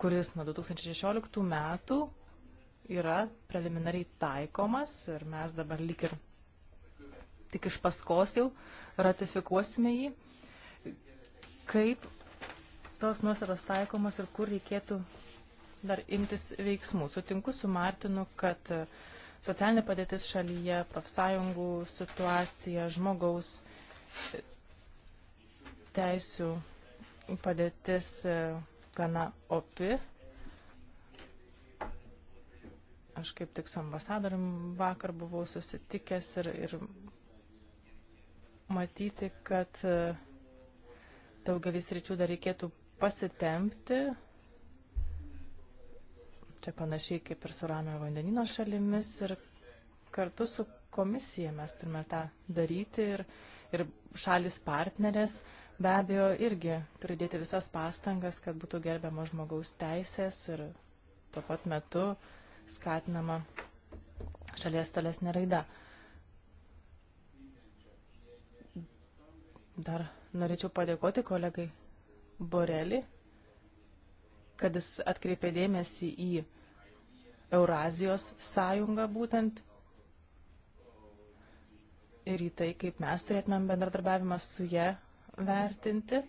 kuris nuo 2016 metų yra preliminariai taikomas ir mes dabar lik ir tik iš paskos jau ratifikuosime jį. Kaip tos nuostatos taikomos ir kur reikėtų dar imtis veiksmų. Sutinku su Martinu, kad socialinė padėtis šalyje, profsąjungų situacija, žmogaus teisų padėtis e, gana opi. Aš kaip tik su ambasadorium vakar buvau susitikęs ir, ir matyti, kad e, daugelis ryčių dar reikėtų pasitempti. Čia panašiai kaip ir su Ramio vandenino šalimis ir kartu su komisija mes turime tą daryti ir, ir šalis partnerės be abejo irgi turi dėti visas pastangas, kad būtų gerbiama žmogaus teisės ir tuo pat metu skatinama šalies tolesnė raida. Dar norėčiau padėkoti kolegai Borelį, kad jis atkreipė dėmesį į Eurazijos sąjungą būtent ir į tai, kaip mes turėtumėm bendradarbiavimą su ją vertinti.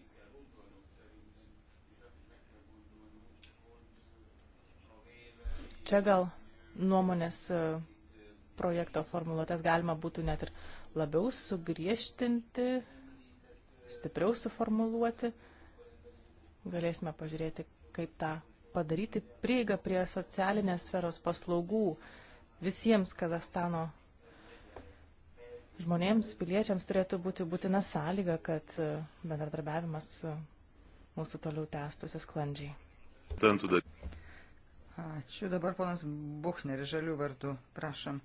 Čia gal nuomonės e, projekto formuluotės galima būtų net ir labiau sugriežtinti stipriau suformuluoti. Galėsime pažiūrėti, kaip tą padaryti prieigą prie socialinės sferos paslaugų visiems Kazastano žmonėms, piliečiams turėtų būti būtina sąlyga, kad e, bendradarbiavimas mūsų toliau tęstųsi sklandžiai. Ačiū dabar ponas Buchneris žalių vardų, prašom.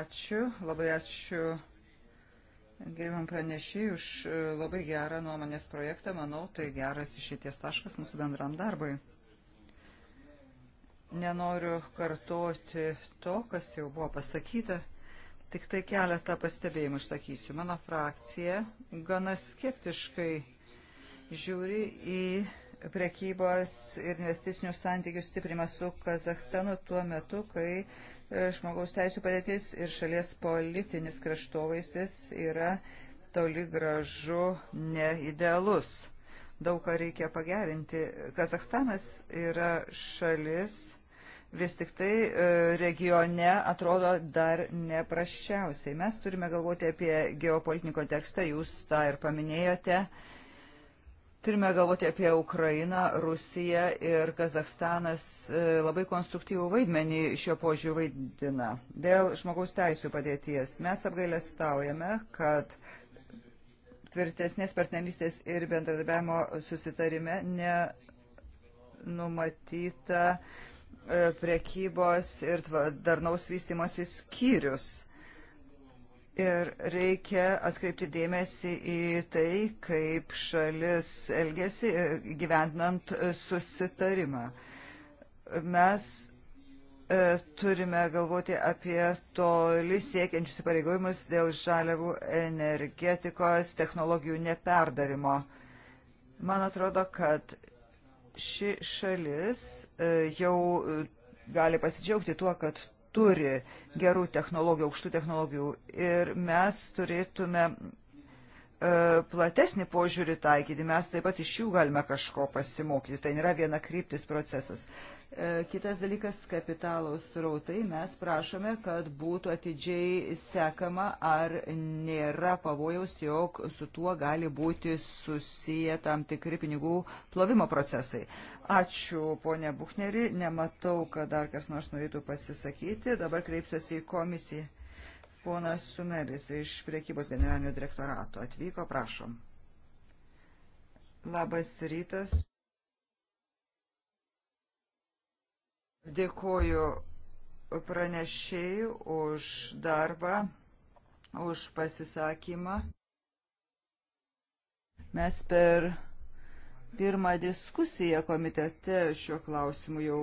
Ačiū, labai ačiū Gerbim pranešėjai už e, labai gerą nuomonės projektą, manau, tai geras išėties taškas mūsų bendram darbui. Nenoriu kartoti to, kas jau buvo pasakyta, tik tai keletą pastebėjimų išsakysiu. Mano frakcija gana skeptiškai žiūri į prekybos ir investicinių santykių stiprimą su Kazakstanu tuo metu, kai E, žmogaus teisų padėtis ir šalies politinis kraštovaizdis yra toli gražu neidealus. Daug ką reikia pagerinti. Kazakstanas yra šalis vis tik tai e, regione atrodo dar neprasčiausiai. Mes turime galvoti apie geopolitinį kontekstą, jūs tą ir paminėjote. Uh, Turime galvoti apie Ukrainą, Rusiją ir Kazahstanas e, labai konstruktyvų vaidmenį šio požiūrį vaidina. Dėl žmogaus teisų padėties mes apgailestaujame, kad tvirtesnės partnerystės ir bendradarbiavimo susitarime nenumatyta e, prekybos ir darnaus vystimosi skyrius Ir reikia atkreipti dėmesį į tai, kaip šalis elgesi e, gyventinant e, susitarimą. Mes e, turime galvoti apie toli siekiančius įpareigojimus dėl žaliavų energetikos technologijų neperdavimo. Man atrodo, kad ši šalis e, jau e, gali pasidžiaugti tuo, kad turi gerų technologijų, aukštų technologijų. Ir mes turėtume e, platesnį požiūrį taikyti, mes taip pat iš jų galime kažko pasimokyti. Tai nėra viena kryptis procesas. E, kitas dalykas - kapitalo srautai. Mes prašome, kad būtų atidžiai sekama, ar nėra pavojaus, jog su tuo gali būti susiję tam tikri pinigų plovimo procesai. Ačiū, ponė Buchneri. Nematau, kad dar kas nors norėtų pasisakyti. Dabar kreipsiuosi į komisiją. Ponas Sumeris iš priekybos generalinio direktorato atvyko, prašom. Labas rytas. Dėkoju pranešėjai už darbą, už pasisakymą. Mes per pirmą diskusiją komitete šiuo klausimu jau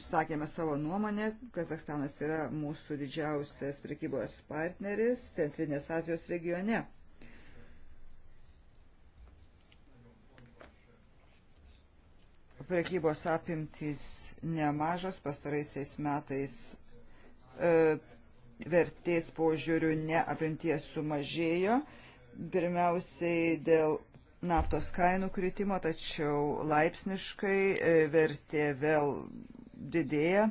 išsakėme savo nuomonę. Kazakstanas yra mūsų didžiausias prekybos partneris Centrinės Azijos regione. Prekybos apimtys nemažos pastaraisiais metais e, vertės požiūrių neapimties sumažėjo. Pirmiausiai dėl naftos kainų kritimo, tačiau laipsniškai e, vertė vėl didėja.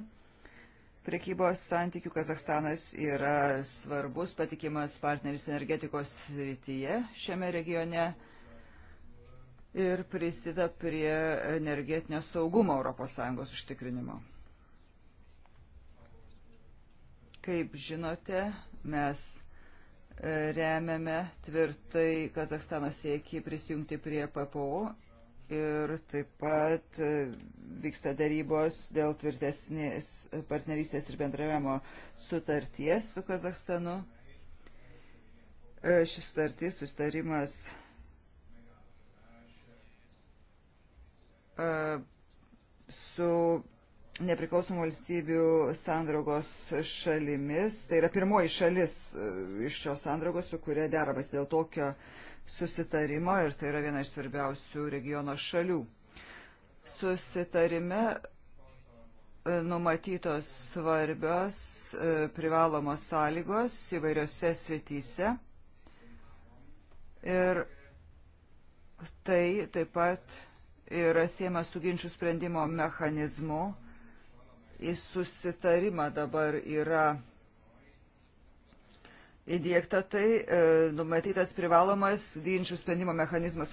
Prekybos santykių Kazakstanas yra svarbus patikimas partneris energetikos rytyje šiame regione ir prisideda prie energetinio saugumo ES užtikrinimo. Kaip žinote, mes e, remiame tvirtai Kazakstano siekį prisijungti prie PPO ir taip pat e, vyksta darybos dėl tvirtesnės partnerystės ir bendravimo sutarties su Kazakstanu. E, šis sutartys, sustarimas E, su nepriklausomų valstybių sandraugos šalimis. Tai yra pirmoji šalis e, iš šios sandraugos, su kuria deramas dėl tokio susitarimo ir tai yra viena iš svarbiausių regiono šalių. Susitarime e, numatytos svarbios privalomos sąlygos įvairiose srityse. Ir tai taip pat yra siema su ginčių sprendimo mechanizmu. Į susitarimą dabar yra įdėkta tai, e, numatytas privalomas ginčių sprendimo mechanizmas.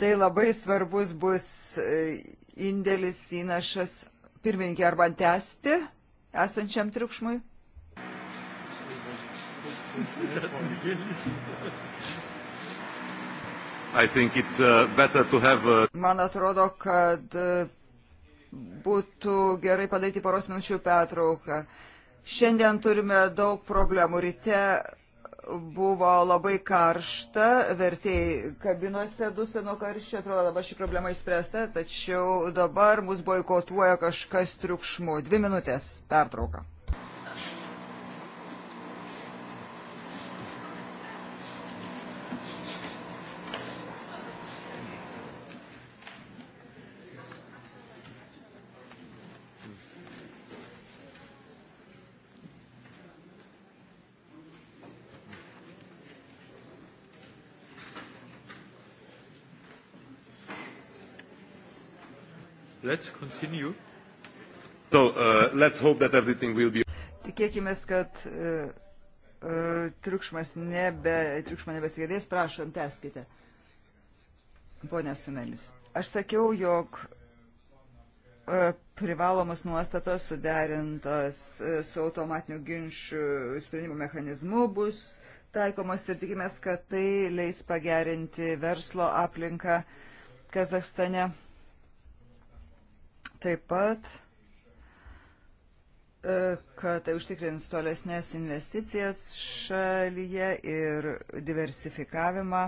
Tai labai svarbus bus e, indėlis įnašas pirmininkė arba tęsti esančiam triukšmui. Uh, a... Man atrodo, kad e, būtų gerai padaryti poros minučių pertrauką. Šiandien turime daug problemų. Ryte buvo labai karšta, vertėjai kabinose dusė nuo karščio, atrodo dabar ši problema išspręsta, tačiau dabar mus boikotuoja kažkas triukšmu. Dvi minutės pertrauka. Let's continue. So, uh, let's hope that everything will be... Tikėkime, kad uh, uh, triukšmas nebe, triukšmą nebesigirdės. Prašom, teskite. Pone Sumelis, aš sakiau, jog uh, privalomos nuostatos suderintos uh, su automatiniu ginčių sprendimo mechanizmu bus taikomos ir tikimės, kad tai leis pagerinti verslo aplinką Kazakstane. Taip pat, e, kad tai užtikrins tolesnės investicijas šalyje ir diversifikavimą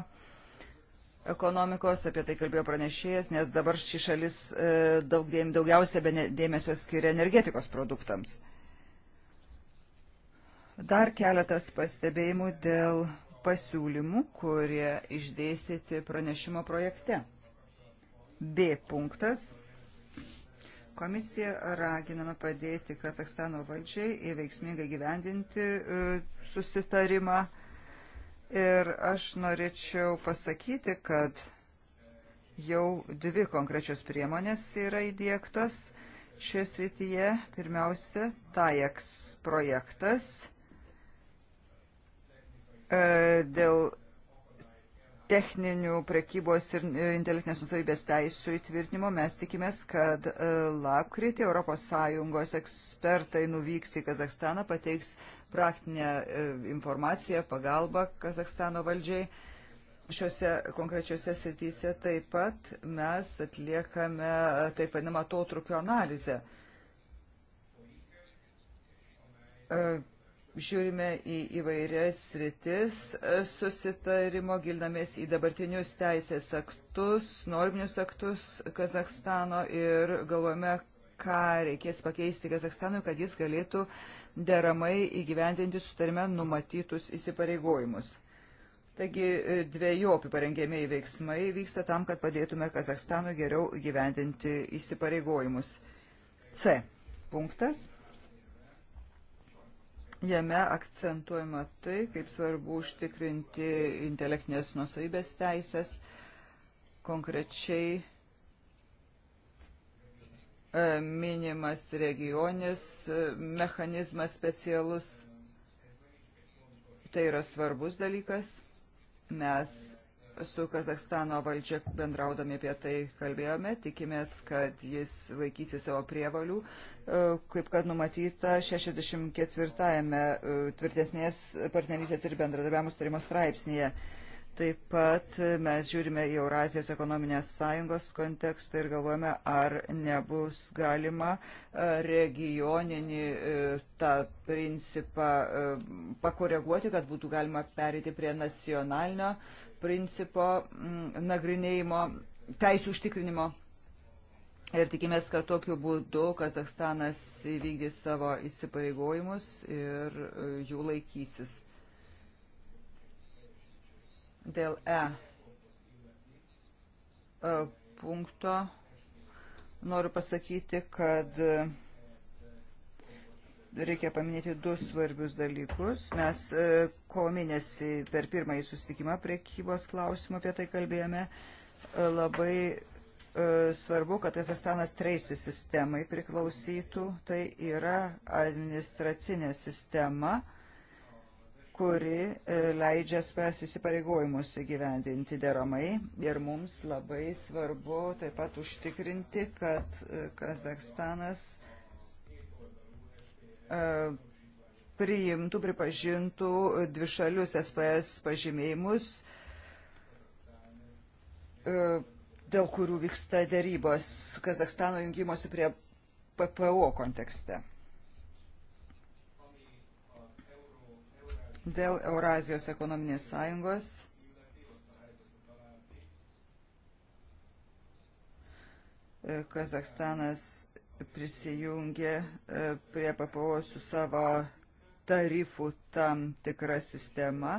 ekonomikos, apie tai kalbėjo pranešėjas, nes dabar ši šalis e, daug dėm, daugiausia dėmesio skiria energetikos produktams. Dar keletas pastebėjimų dėl pasiūlymų, kurie išdėstyti pranešimo projekte. B punktas Komisija raginama padėti Kazakstano valdžiai įveiksmingai gyvendinti e, susitarimą. Ir aš norėčiau pasakyti, kad jau dvi konkrečios priemonės yra įdėktos šioje srityje. Pirmiausia, TAIEX projektas e, dėl techninių prekybos ir e, intelektinės nusavybės teisų įtvirtinimo mes tikimės, kad e, lapkritį ES ekspertai nuvyks į Kazakstaną, pateiks praktinę e, informaciją, pagalbą Kazakstano valdžiai. Šiuose konkrečiuose srityse taip pat mes atliekame taip vadinamą to trukio analizę žiūrime į įvairias sritis susitarimo, gildamės į dabartinius teisės aktus, norminius aktus Kazakstano ir galvojame, ką reikės pakeisti Kazakstanui, kad jis galėtų deramai įgyventinti sutarime numatytus įsipareigojimus. Taigi e, dviejopi parengėmiai veiksmai vyksta tam, kad padėtume Kazakstanui geriau gyventinti įsipareigojimus. C. Punktas Jame akcentuojama tai, kaip svarbu užtikrinti intelektinės nusavybės teisės, konkrečiai e, minimas regionis e, mechanizmas specialus. Tai yra svarbus dalykas. Mes su Kazakstano valdžia bendraudami apie tai kalbėjome. Tikimės, kad jis laikysi savo prievalių, e, kaip kad numatyta 64-ame e, tvirtesnės partnerysės ir bendradarbiavimo sutarimo straipsnėje. Taip pat mes žiūrime į Eurazijos ekonominės sąjungos kontekstą ir galvojame, ar nebus galima e, regioninį tą principą pakoreguoti, kad būtų galima perėti prie nacionalinio uh, principo mm, nagrinėjimo, teisų užtikrinimo. Ir tikimės, kad tokiu būdu Kazakstanas įvykdys savo įsipareigojimus ir e, jų laikysis. Dėl e, e punkto noriu pasakyti, kad e, reikia paminėti du svarbius dalykus. Mes kovo mėnesį per pirmąjį susitikimą priekybos klausimų apie tai kalbėjome. E, labai e, svarbu, kad Kazakstanas treisi sistemai priklausytų. Tai yra administracinė sistema, kuri e, leidžia spės įsipareigojimus įgyvendinti deramai. Ir mums labai svarbu taip pat užtikrinti, kad Kazakstanas priimtų, pripažintų dvišalius SPS pažymėjimus, e, dėl kurių vyksta dėrybos Kazakstano jungimosi prie PPO kontekste. Dėl Eurazijos ekonominės sąjungos e, Kazakstanas prisijungė e, prie PPO su savo tarifų tam tikra sistema,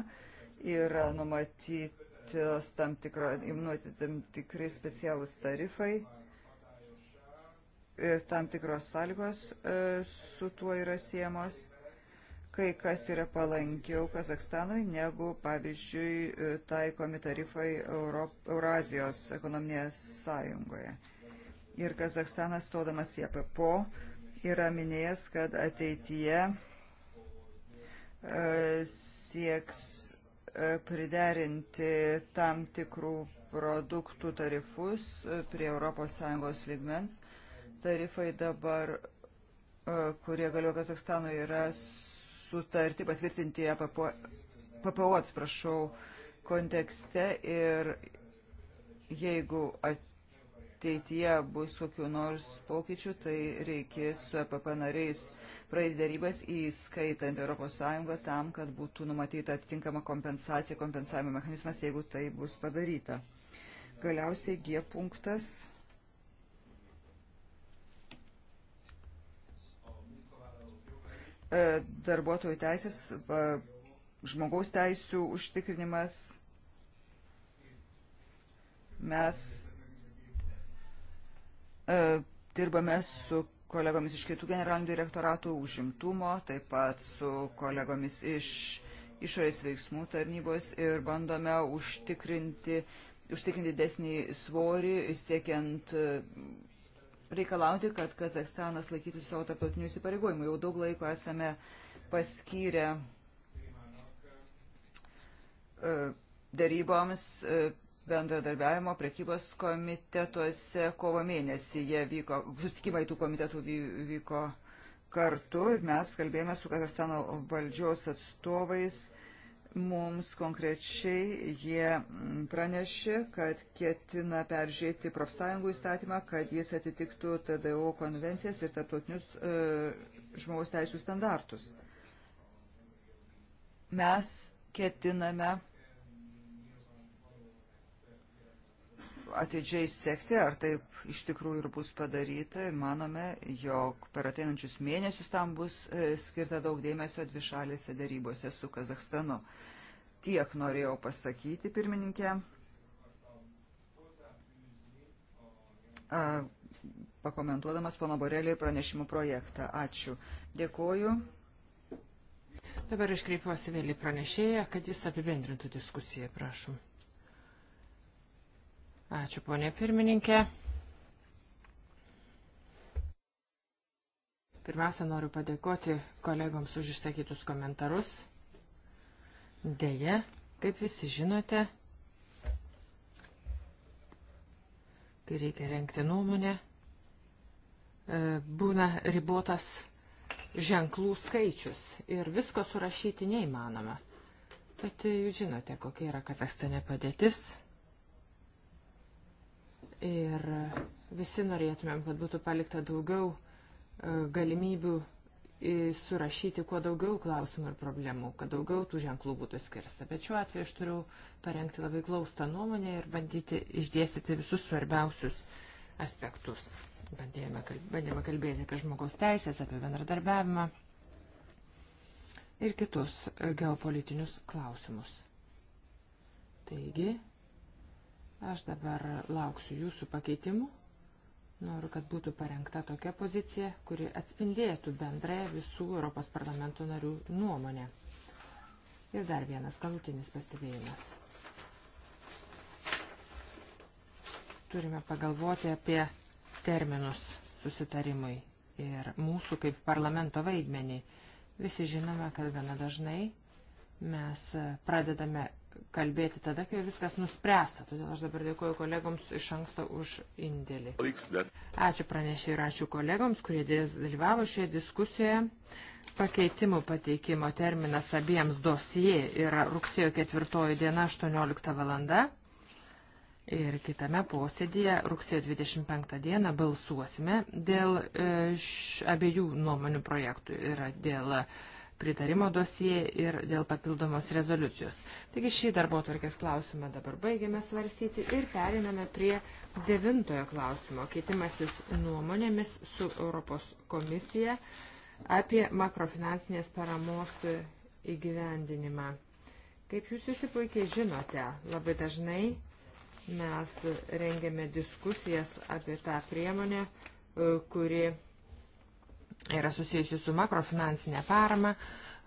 yra numatytos tam, tikro, tam tikrai specialūs tarifai ir tam tikros sąlygos e, su tuo yra siemos kai kas yra palankiau Kazakstanui negu, pavyzdžiui, e, taikomi tarifai Eurazijos ekonominėje sąjungoje. Ir Kazakstanas, stodamas į APPO, yra minėjęs, kad ateityje sieks e, priderinti tam tikrų produktų tarifus e, prie ES lygmens. Tarifai dabar, e, kurie galioja Kazakstanui, yra sutarti patvirtinti PPO, PPO atsiprašau, kontekste ir jeigu ateityje bus kokiu nors pokyčiu, tai reikės su EPP nariais praeiti darybas, įskaitant ES, tam, kad būtų numatyta atitinkama kompensacija, kompensavimo mechanizmas, jeigu tai bus padaryta. Galiausiai G punktas. E, darbuotojų teisės, e, žmogaus teisų užtikrinimas. Mes e, dirbame su kolegomis iš kitų generalinių direktoratų užimtumo, taip pat su kolegomis iš išorės veiksmų tarnybos ir bandome užtikrinti, užtikrinti desnį svorį, siekiant e, reikalauti, kad Kazakstanas laikytų savo tarptautinių įsipareigojimų. Jau daug laiko esame paskyrę e, daryboms e, bendradarbiavimo prekybos komitetuose kovo mėnesį. Jie vyko, susitikimai tų komitetų vyko kartu ir mes kalbėjome su Kazastano valdžios atstovais. Mums konkrečiai jie pranešė, kad ketina peržiūrėti profsąjungų įstatymą, kad jis atitiktų TDO konvencijas ir tarptautinius e, žmogaus teisų standartus. Mes ketiname atidžiai sekti, ar taip iš tikrųjų ir bus padaryta. Manome, jog per ateinančius mėnesius tam bus e, skirta daug dėmesio dvišalėse darybose su Kazakstanu. Tiek norėjau pasakyti, pirmininkė. Pakomentuodamas pono Borelį pranešimų projektą. Ačiū. Dėkuoju. Dabar iškreipiuosi vėl į pranešėją, kad jis apibendrintų diskusiją, prašom. Ačiū, ponė pirmininkė. Pirmiausia, noriu padėkoti kolegoms už išsakytus komentarus. Deja, kaip visi žinote, kai reikia renkti nuomonę, e, būna ribotas ženklų skaičius ir visko surašyti neįmanoma. Bet jūs žinote, kokia yra Kazakstane padėtis Ir visi norėtumėm, kad būtų palikta daugiau e, galimybių e, surašyti kuo daugiau klausimų ir problemų, kad daugiau tų ženklų būtų skirsta. Bet šiuo atveju aš turiu parengti labai glaustą nuomonę ir bandyti išdėstyti visus svarbiausius aspektus. Bandėjome, kalb... bandėjome kalbėti apie žmogaus teisės, apie bendradarbiavimą ir kitus e, geopolitinius klausimus. Taigi, Aš dabar lauksiu jūsų pakeitimų. Noriu, kad būtų parengta tokia pozicija, kuri atspindėtų bendrąją visų Europos parlamento narių nuomonę. Ir dar vienas galutinis pastebėjimas. Turime pagalvoti apie terminus susitarimui ir mūsų kaip parlamento vaidmenį. Visi žinome, kad gana dažnai mes pradedame kalbėti tada, kai viskas nuspręsta. Todėl aš dabar dėkuoju kolegoms iš anksto už indėlį. Ačiū pranešė ir ačiū kolegoms, kurie dalyvavo šioje diskusijoje. Pakeitimų pateikimo terminas abiems dosijai yra rugsėjo 4 diena 18 valanda. Ir kitame posėdėje rugsėjo 25 dieną balsuosime dėl e, š, abiejų nuomonių projektų ir dėl uh, pritarimo dosiją ir dėl papildomos rezoliucijos. Taigi šį darbo tvarkės klausimą dabar baigiame svarstyti ir periname prie devintojo klausimo, keitimasis nuomonėmis su Europos komisija apie makrofinansinės paramos įgyvendinimą. Kaip jūs visi puikiai žinote, labai dažnai mes rengiame diskusijas apie tą priemonę, kuri yra susijusi su makrofinansinė parama.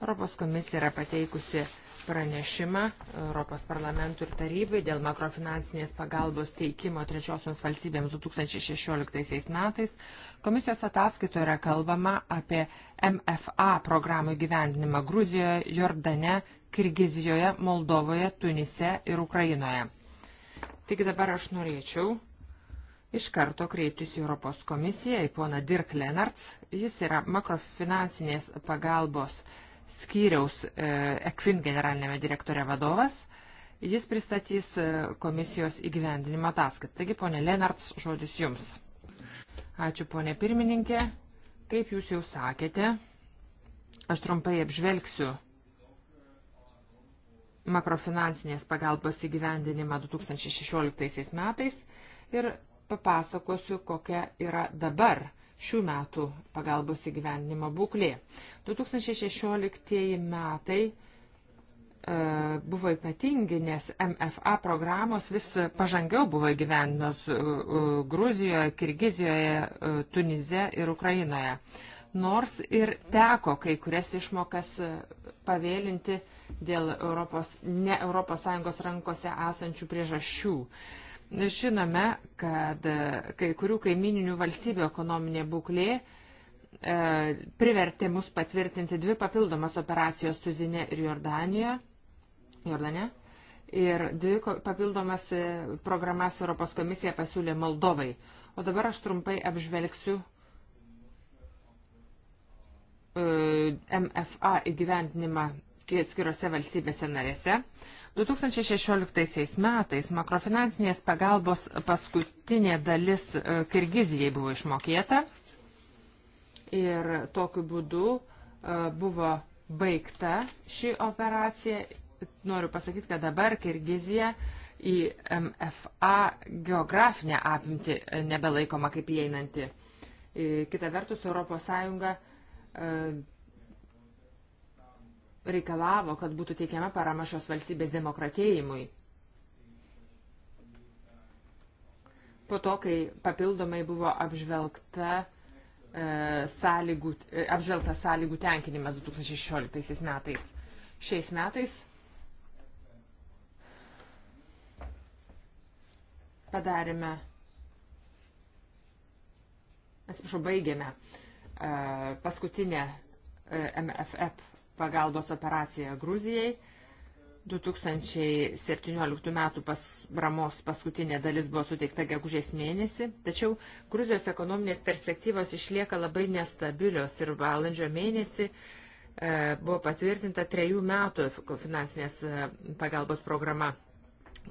Europos komisija yra pateikusi pranešimą Europos parlamentui ir tarybai dėl makrofinansinės pagalbos teikimo trečiosioms valstybėms 2016 metais. Komisijos ataskaito yra kalbama apie MFA programų gyvendinimą Gruzijoje, Jordane, Kirgizijoje, Moldovoje, Tunise ir Ukrainoje. Tik dabar aš norėčiau iš karto kreiptis į Europos komisiją, į poną Dirk Lenarts. Jis yra makrofinansinės pagalbos skyriaus e, ECFIN generalinėme direktorė vadovas. Jis pristatys e, komisijos įgyvendinimo ataskaitą. Taigi, ponė Lenarts, žodis jums. Ačiū, ponė pirmininkė. Kaip jūs jau sakėte, aš trumpai apžvelgsiu makrofinansinės pagalbos įgyvendinimą 2016 metais ir papasakosiu, kokia yra dabar šių metų pagalbos įgyvendinimo būklė. 2016 metai e, buvo ypatingi, nes MFA programos vis pažangiau buvo įgyvendinos e, e, Gruzijoje, Kirgizijoje, e, Tunize ir Ukrainoje. Nors ir teko kai kurias išmokas e, pavėlinti dėl Europos, ne ES rankose esančių priežasčių. Uh, Žinome, kad e, kai kurių kaimininių valstybių ekonominė būklė e, privertė mus patvirtinti dvi papildomas operacijos Tuzinė ir Jordanija. Jordanė. Ir dvi papildomas e, programas Europos komisija pasiūlė Moldovai. O dabar aš trumpai apžvelgsiu e, MFA įgyvendinimą atskirose valstybėse narėse. 2016 metais makrofinansinės pagalbos paskutinė dalis e, Kirgizijai buvo išmokėta ir tokiu būdu e, buvo baigta ši operacija. Noriu pasakyti, kad dabar Kirgizija į MFA geografinę apimtį e, nebelaikoma kaip įeinanti. Kita vertus, ES reikalavo, kad būtų teikiama parama šios valstybės demokratėjimui. Po to, kai papildomai buvo apžvelgta, e, sąlygų, e, apžvelgta sąlygų tenkinimas 2016 metais. Šiais metais padarėme, atsiprašau, baigėme e, paskutinę e, MFF pagalbos operaciją Gruzijai. 2017 metų pas, ramos paskutinė dalis buvo suteikta gegužės mėnesį, tačiau Gruzijos ekonominės perspektyvos išlieka labai nestabilios ir valandžio mėnesį e, buvo patvirtinta trejų metų finansinės e, pagalbos programa.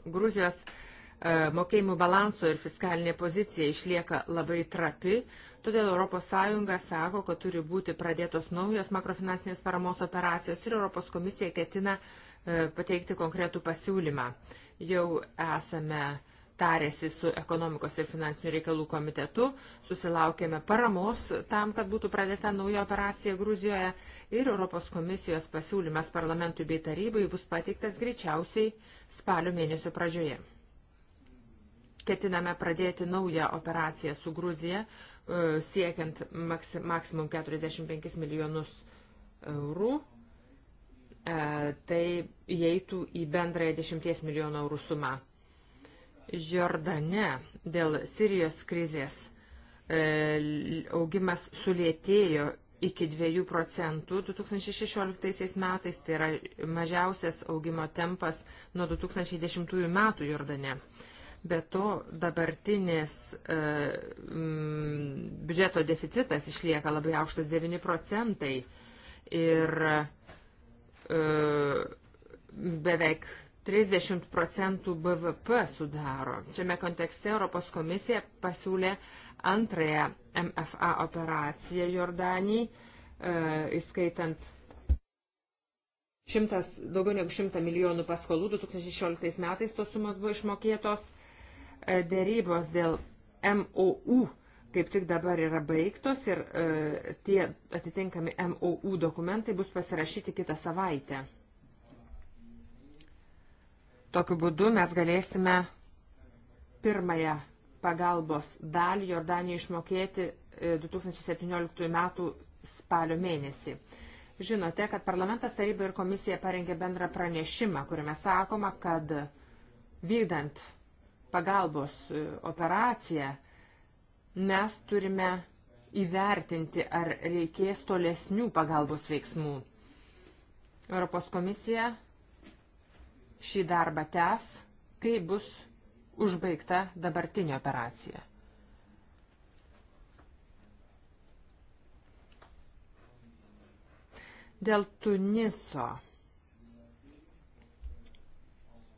Gruzijos e, mokėjimų balanso ir fiskalinė pozicija išlieka labai trapi, Todėl ES sako, kad turi būti pradėtos naujos makrofinansinės paramos operacijos ir ES komisija ketina e, pateikti konkretų pasiūlymą. Jau esame tarėsi su ekonomikos ir finansinių reikalų komitetu, susilaukėme paramos tam, kad būtų pradėta nauja operacija Gruzijoje ir Europos komisijos pasiūlymas parlamentui bei tarybai bus pateiktas greičiausiai spalio mėnesio pradžioje. Ketiname pradėti naują operaciją su Gruzija, E, siekiant maksimum 45 milijonus eurų, e, tai įeitų į bendrąją 10 milijonų eurų sumą. Jordane dėl Sirijos krizės e, augimas sulėtėjo iki 2 procentų 2016 metais, tai yra mažiausias augimo tempas nuo 2010 metų Jordane. Be to, dabartinis e, m, biudžeto deficitas išlieka labai aukštas 9 procentai ir e, beveik 30 procentų BVP sudaro. Šiame kontekste Europos komisija pasiūlė antrąją MFA operaciją Jordanijai, e, įskaitant 100, daugiau negu 100 milijonų paskolų 2016 metais tos sumas buvo išmokėtos dėrybos dėl MOU kaip tik dabar yra baigtos ir e, tie atitinkami MOU dokumentai bus pasirašyti kitą savaitę. Tokiu būdu mes galėsime pirmąją pagalbos dalį Jordanijai išmokėti 2017 e, m. spalio mėnesį. Žinote, kad parlamentas taryba ir komisija parengė bendrą pranešimą, kuriame sakoma, kad vykdant pagalbos e, operaciją, mes turime įvertinti, ar reikės tolesnių pagalbos veiksmų. Europos komisija šį darbą tęs, kai bus užbaigta dabartinė operacija. Dėl Tuniso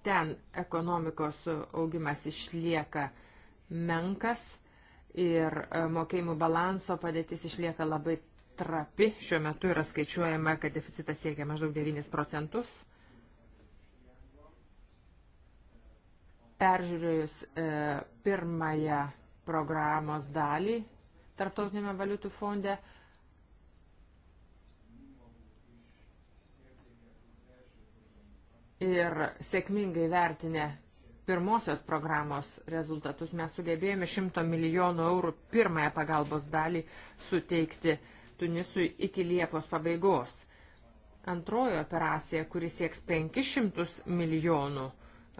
ten ekonomikos augimas išlieka menkas ir e, mokėjimų balanso padėtis išlieka labai trapi. Šiuo metu yra skaičiuojama, kad deficitas siekia maždaug 9 procentus. Peržiūrėjus e, pirmąją programos dalį Tarptautinėme valiutų fonde, e, ir sėkmingai vertinę pirmosios programos rezultatus mes sugebėjome 100 milijonų eurų pirmąją pagalbos dalį suteikti Tunisui iki Liepos pabaigos. Antroji operacija, kuri sieks 500 milijonų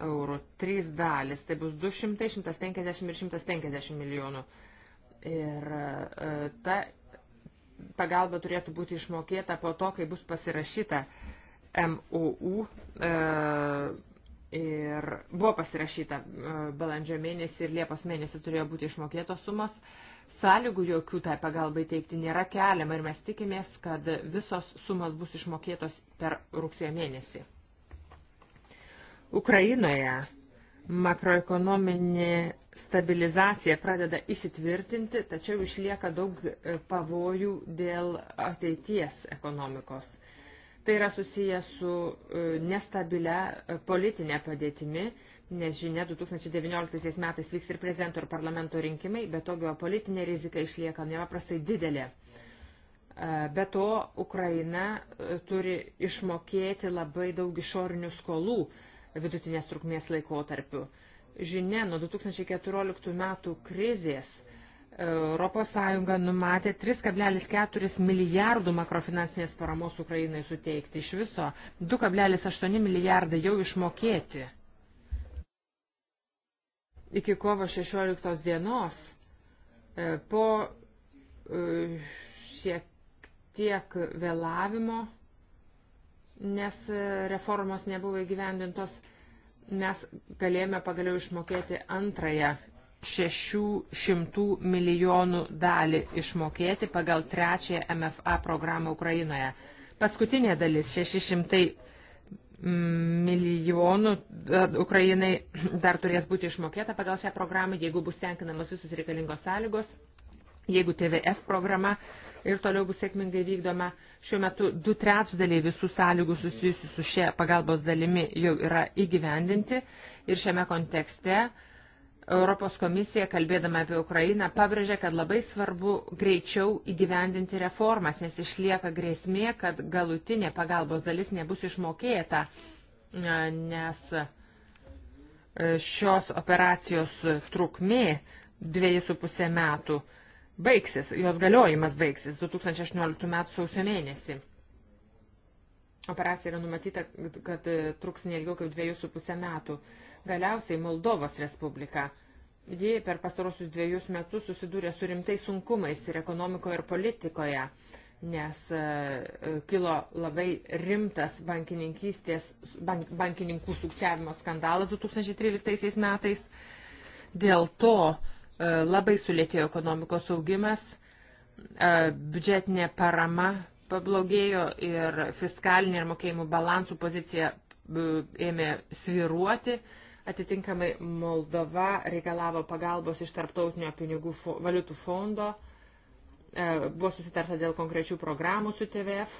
eurų, trys dalis, tai bus 200, 150 ir 150 milijonų. Ir e, ta pagalba turėtų būti išmokėta po to, kai bus pasirašyta uh, MOU e, ir buvo pasirašyta e, balandžio mėnesį ir Liepos mėnesį turėjo būti išmokėtos sumos. Sąlygų jokių tai pagalbai teikti nėra keliama ir mes tikimės, kad visos sumos bus išmokėtos per rugsėjo mėnesį. Ukrainoje makroekonominė stabilizacija pradeda įsitvirtinti, tačiau išlieka daug e, pavojų dėl ateities ekonomikos. Tai yra susiję su e, nestabilia e, politinė padėtimi, nes žinia, 2019 metais vyks ir prezidento ir parlamento rinkimai, bet tokio politinė rizika išlieka nepaprastai didelė. E, be to, Ukraina turi išmokėti labai daug išorinių skolų vidutinės trukmės laikotarpiu. Žinia, nuo 2014 metų krizės ES numatė 3,4 milijardų makrofinansinės paramos Ukrainai suteikti. Iš viso 2,8 milijardai jau išmokėti. Iki kovo 16 dienos e, po e, šiek tiek vėlavimo, nes e, reformos nebuvo įgyvendintos, mes galėjome pagaliau išmokėti antrąją 600 milijonų dalį išmokėti pagal trečiąją MFA programą Ukrainoje. Paskutinė dalis 600 milijonų Ukrainai dar turės būti išmokėta pagal šią programą, jeigu bus tenkinamos visus reikalingos sąlygos, jeigu TVF programa ir toliau bus sėkmingai vykdoma. Šiuo metu du trečdaliai visų sąlygų susijusių su šia pagalbos dalimi jau yra įgyvendinti ir šiame kontekste uh, Europos komisija, kalbėdama apie Ukrainą, pabrėžė, kad labai svarbu greičiau įgyvendinti reformas, nes išlieka grėsmė, kad galutinė pagalbos dalis nebus išmokėta, nes e, šios operacijos trukmė 2,5 metų baigsis, jos galiojimas baigsis 2018 m. sausio mėnesį. Operacija yra numatyta, kad truks neilgiau kaip 2,5 metų. Galiausiai Moldovos Respublika. Ji per pastarosius dviejus metus susidūrė su rimtais sunkumais ir ekonomikoje ir politikoje, nes e, e, kilo labai rimtas bank, bankininkų sukčiavimo skandalas 2013 metais. Dėl to e, labai sulėtėjo ekonomikos augimas, biudžetinė parama pablogėjo ir fiskalinė ir mokėjimų balansų pozicija ėmė sviruoti. Atitinkamai Moldova reikalavo pagalbos iš tarptautinio pinigų fo, valiutų fondo, e, buvo susitarta dėl konkrečių programų su TVF.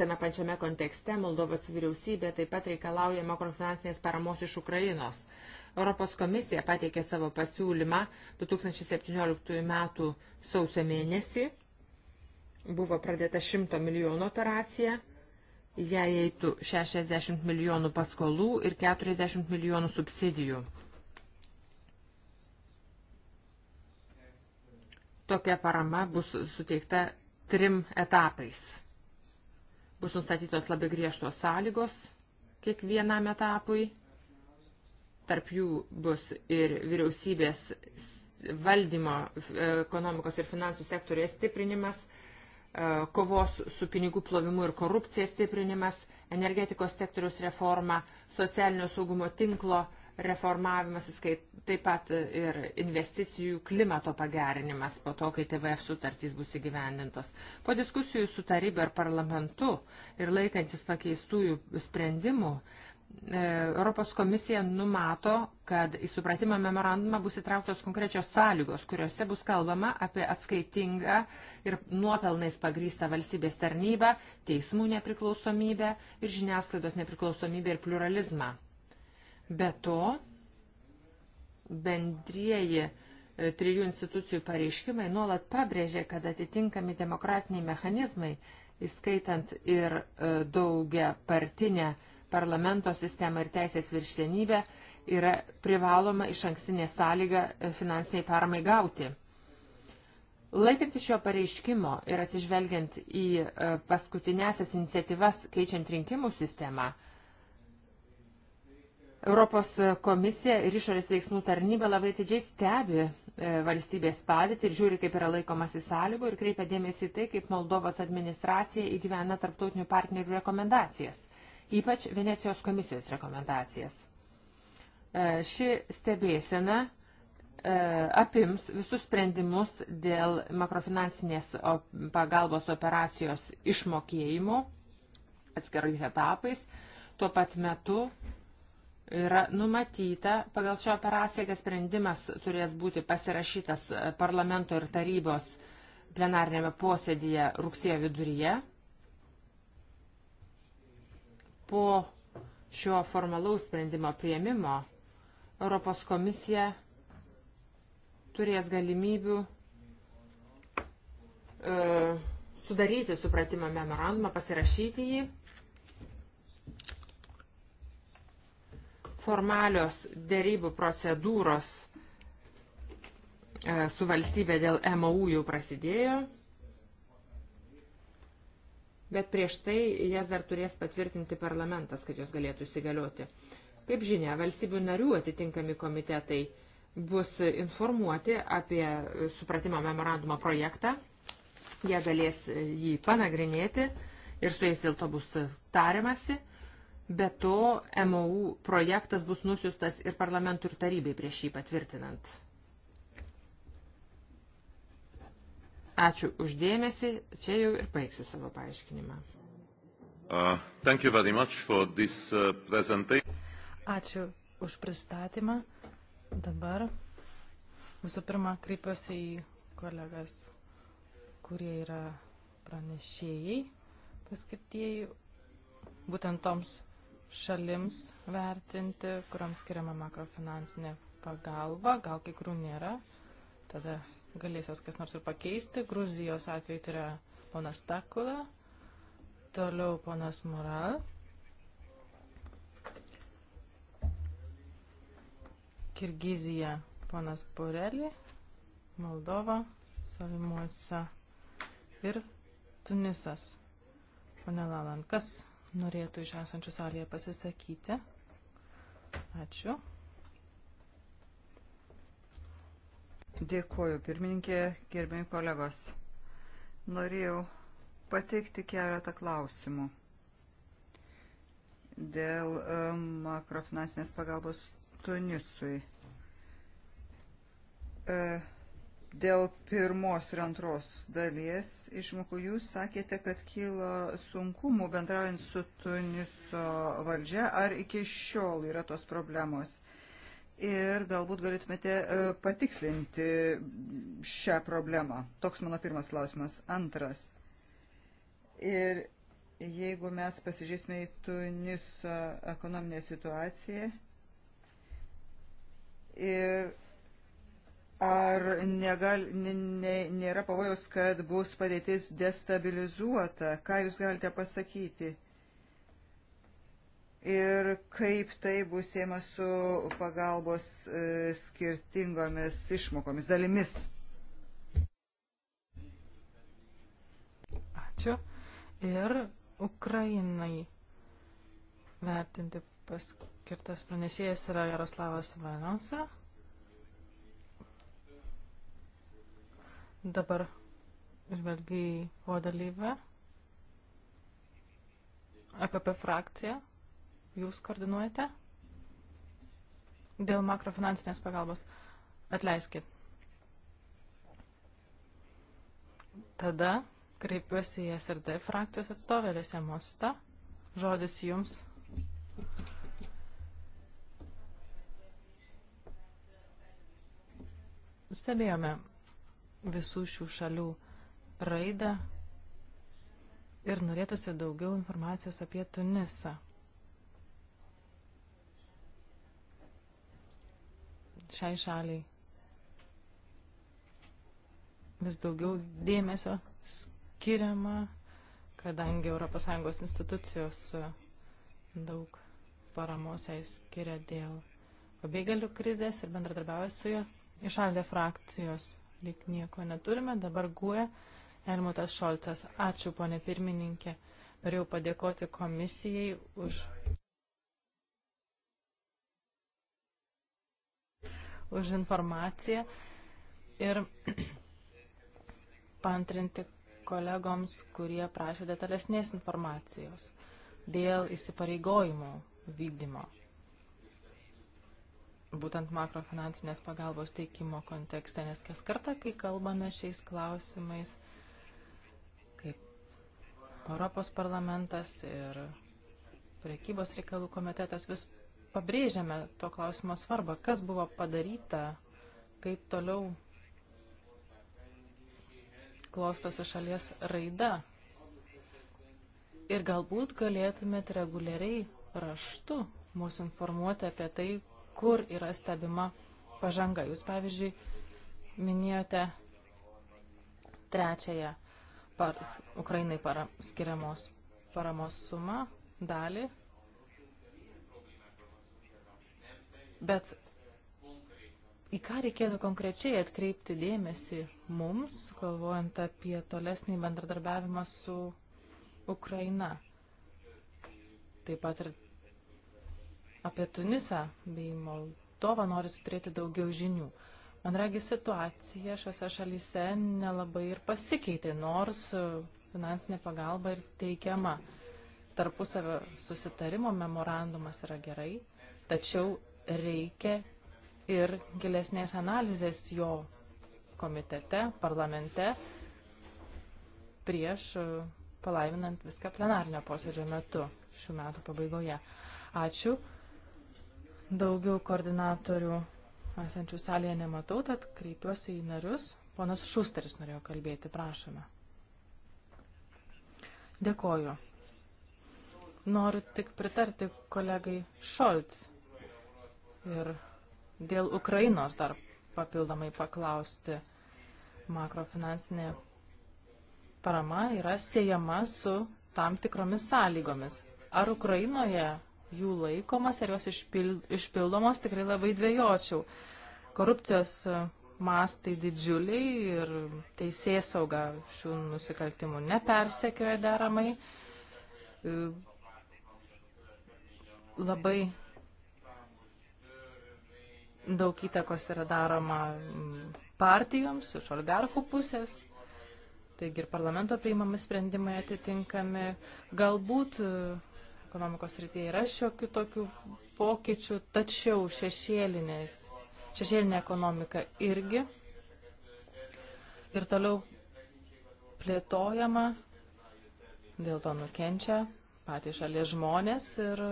Tame pačiame kontekste Moldovos vyriausybė taip pat reikalauja makrofinansinės paramos iš Ukrainos. Europos komisija pateikė savo pasiūlymą 2017 m. sausio mėnesį. Buvo pradėta 100 milijonų operacija jei eitų 60 milijonų paskolų ir 40 milijonų subsidijų. Tokia parama bus suteikta trim etapais. Bus nustatytos labai griežtos sąlygos kiekvienam etapui. Tarp jų bus ir vyriausybės valdymo e, ekonomikos ir finansų sektorės stiprinimas – E, kovos su pinigų plovimu ir korupcija stiprinimas, energetikos sektoriaus reforma, socialinio saugumo tinklo reformavimas, taip pat ir investicijų klimato pagerinimas po to, kai TVF sutartys bus įgyvendintos. Po diskusijų su taryba ir parlamentu ir laikantis pakeistųjų sprendimų, uh, E, Europos komisija numato, kad į supratimą memorandumą bus įtrauktos konkrečios sąlygos, kuriuose bus kalbama apie atskaitingą ir nuopelnais pagrystą valstybės tarnybą, teismų nepriklausomybę ir žiniasklaidos nepriklausomybę ir pluralizmą. Be to, bendrieji e, trijų institucijų pareiškimai nuolat pabrėžė, kad atitinkami demokratiniai mechanizmai, įskaitant ir e, daugia partinę parlamento sistemą ir teisės virštenybę yra privaloma iš ankstinė sąlyga e, finansiniai paramai gauti. Laikant šio pareiškimo ir atsižvelgiant į e, paskutinėsias iniciatyvas keičiant rinkimų sistemą, Europos komisija ir išorės veiksmų tarnyba labai atidžiai stebi e, valstybės padėtį ir žiūri, kaip yra laikomasi sąlygų ir kreipia dėmesį į tai, kaip Moldovos administracija įgyvena tarptautinių partnerių rekomendacijas ypač Venecijos komisijos rekomendacijas. E, ši stebėsena e, apims visus sprendimus dėl makrofinansinės pagalbos operacijos išmokėjimo atskirais etapais. Tuo pat metu yra numatyta pagal šią operaciją, kad sprendimas turės būti pasirašytas parlamento ir tarybos plenarnėme posėdėje rugsėjo viduryje po šio formalaus sprendimo prieimimo Europos komisija turės galimybių e, sudaryti supratimą memorandumą, pasirašyti jį. Formalios dėrybų procedūros e, su valstybė dėl MAU jau prasidėjo bet prieš tai jas dar turės patvirtinti parlamentas, kad jos galėtų įsigalioti. Kaip žinia, valstybių narių atitinkami komitetai bus informuoti apie supratimo memorandumo projektą, jie galės jį panagrinėti ir su jais dėl to bus tariamasi. Be to, MOU projektas bus nusiustas ir parlamentui ir tarybai prieš jį patvirtinant. Ačiū uždėmesi, čia jau ir baigsiu savo paaiškinimą. Uh, this, uh, Ačiū už pristatymą. Dabar visų pirma kreipiuosi į kolegas, kurie yra pranešėjai, paskirtieji būtent toms šalims vertinti, kuriams skiriama makrofinansinė pagalba, gal kai kurių nėra, tada galės jas kas nors ir pakeisti. Gruzijos atveju tai yra ponas Takula, toliau ponas Moral. Kirgizija ponas Borelį, Moldova, Salimuose ir Tunisas. Pane Lalan, kas norėtų iš esančių salėje pasisakyti? Ačiū. Dėkuoju, pirmininkė, gerbėjai kolegos. Norėjau pateikti keletą klausimų dėl e, makrofinansinės pagalbos Tunisui. E, dėl pirmos ir antros dalies išmokų jūs sakėte, kad kilo sunkumų bendraujant su Tuniso valdžia, ar iki šiol yra tos problemos? ir galbūt galėtumėte e, patikslinti šią problemą. Toks mano pirmas klausimas. Antras. Ir jeigu mes pasižiūrėsime į Tuniso ekonominę situaciją ir ar negal, nėra pavojaus, kad bus padėtis destabilizuota, ką jūs galite pasakyti? ir kaip tai bus siejama su pagalbos e, skirtingomis išmokomis dalimis. Ačiū. Ir Ukrainai vertinti paskirtas pranešėjas yra Jaroslavas Valenonsa. Dabar žvelgiai o dalyvę. EPP frakcija jūs koordinuojate? Dėl makrofinansinės pagalbos. Atleiskit. Tada kreipiuosi į SRD frakcijos atstovę Lėse Mosta. Žodis jums. Stebėjome visų šių šalių raidą ir norėtųsi daugiau informacijos apie Tunisą. šiai šaliai vis daugiau dėmesio skiriama, kadangi ES institucijos e, daug paramos jai skiria dėl pabėgėlių krizės ir bendradarbiauja su juo. Išaldė frakcijos, lyg nieko neturime, dabar guoja Elmutas Šolcas. Ačiū, ponė pirmininkė. Norėjau padėkoti komisijai už už informaciją ir pantrinti kolegoms, kurie prašė detalesnės informacijos dėl įsipareigojimų vykdymo, būtent makrofinansinės pagalbos teikimo kontekste, nes kas kartą, kai kalbame šiais klausimais, kaip Europos parlamentas ir priekybos reikalų komitetas vis pabrėžiame to klausimo svarbą, kas buvo padaryta, kaip toliau klostosi šalies raida. Ir galbūt galėtumėt reguliariai raštu mūsų informuoti apie tai, kur yra stebima pažanga. Jūs, pavyzdžiui, minėjote trečiąją par, Ukrainai para, skiriamos paramos sumą, dalį Bet į ką reikėtų konkrečiai atkreipti dėmesį mums, galvojant apie tolesnį bendradarbiavimą su Ukraina? Taip pat ir apie Tunisą bei Moldovą norisi turėti daugiau žinių. Man regi situacija šiuose šalyse nelabai ir pasikeitė, nors finansinė pagalba ir teikiama. Tarpusavio susitarimo memorandumas yra gerai, tačiau reikia ir gilesnės analizės jo komitete, parlamente, prieš e, palaiminant viską plenarnio posėdžio metu šių metų pabaigoje. Ačiū. Daugiau koordinatorių esančių salėje nematau, tad kreipiuosi į narius. Ponas Šusteris norėjo kalbėti, prašome. Dėkoju. Noriu tik pritarti kolegai Šolts Ir dėl Ukrainos dar papildomai paklausti. Makrofinansinė parama yra siejama su tam tikromis sąlygomis. Ar Ukrainoje jų laikomas, ar jos išpildomos, tikrai labai dviejočiau. Korupcijos e, mastai didžiuliai ir teisės sauga šių nusikaltimų nepersekioja deramai. E, labai daug įtakos yra daroma partijoms iš oligarchų pusės, taigi ir parlamento priimami sprendimai atitinkami. Galbūt e, ekonomikos rytyje yra šiokių tokių pokyčių, tačiau šešėlinė ekonomika irgi ir toliau plėtojama, dėl to nukenčia patys šalies žmonės ir e,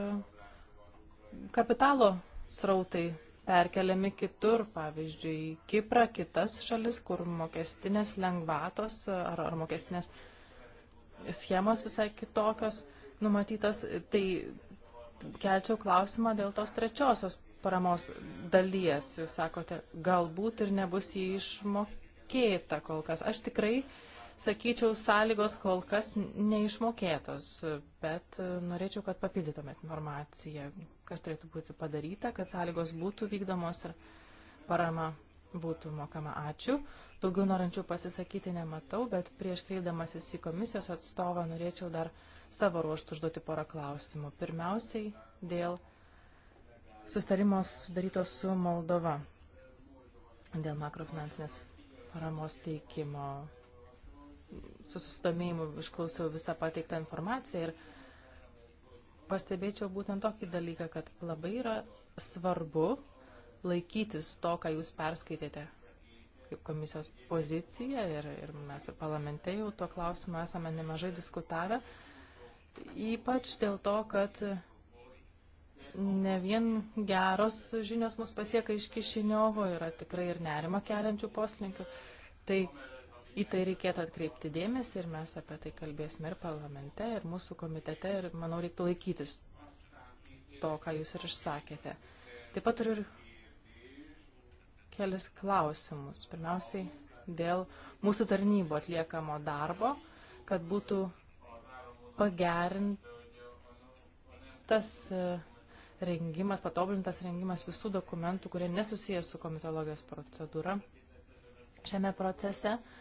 kapitalo srautai perkeliami kitur, pavyzdžiui, į Kiprą, kitas šalis, kur mokestinės lengvatos e, ar, ar mokestinės schemos visai kitokios numatytas. Tai kelčiau klausimą dėl tos trečiosios paramos dalies. Jūs sakote, galbūt ir nebus jį išmokėta kol kas. Aš tikrai, sakyčiau, sąlygos kol kas neišmokėtos, bet e, norėčiau, kad papildytumėt informaciją kas turėtų būti padaryta, kad sąlygos būtų vykdomos ir parama būtų mokama. Ačiū. Daugiau norinčių pasisakyti nematau, bet prieš kreidamasis į komisijos atstovą norėčiau dar savo ruoštų užduoti porą klausimų. Pirmiausiai dėl sustarimo sudaryto su Moldova, dėl makrofinansinės paramos teikimo. Su susidomėjimu išklausiau visą pateiktą informaciją ir pastebėčiau būtent tokį dalyką, kad labai yra svarbu laikytis to, ką jūs perskaitėte kaip komisijos pozicija ir, ir mes ir parlamente jau tuo klausimu esame nemažai diskutavę, ypač dėl to, kad ne vien geros žinios mus pasieka iš Kišiniovo, yra tikrai ir nerima keliančių poslinkių. Tai į tai reikėtų atkreipti dėmesį ir mes apie tai kalbėsime ir parlamente, ir mūsų komitete, ir manau reiktų laikytis to, ką jūs ir išsakėte. Taip pat turiu ir kelis klausimus. Pirmiausiai dėl mūsų tarnybo atliekamo darbo, kad būtų pagerintas e, rengimas, patobulintas rengimas visų dokumentų, kurie nesusijęs su komitologijos procedūra šiame procese. Uh,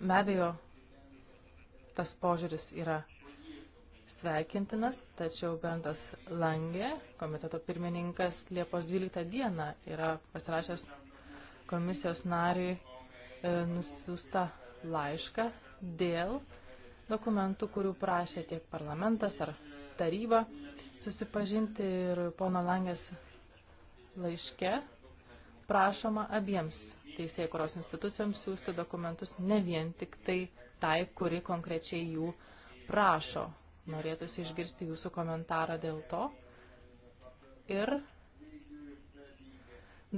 Be abejo, tas požiūris yra sveikintinas, tačiau Bentas Langė, komiteto pirmininkas, Liepos 12 dieną yra pasirašęs komisijos nariui e, nusiųstą laišką dėl dokumentų, kurių prašė tiek parlamentas ar taryba susipažinti ir pono Langės laiške prašoma abiems teisėjai kuros institucijoms siūsti dokumentus ne vien tik tai tai, kuri konkrečiai jų prašo. Norėtųsi išgirsti jūsų komentarą dėl to. Ir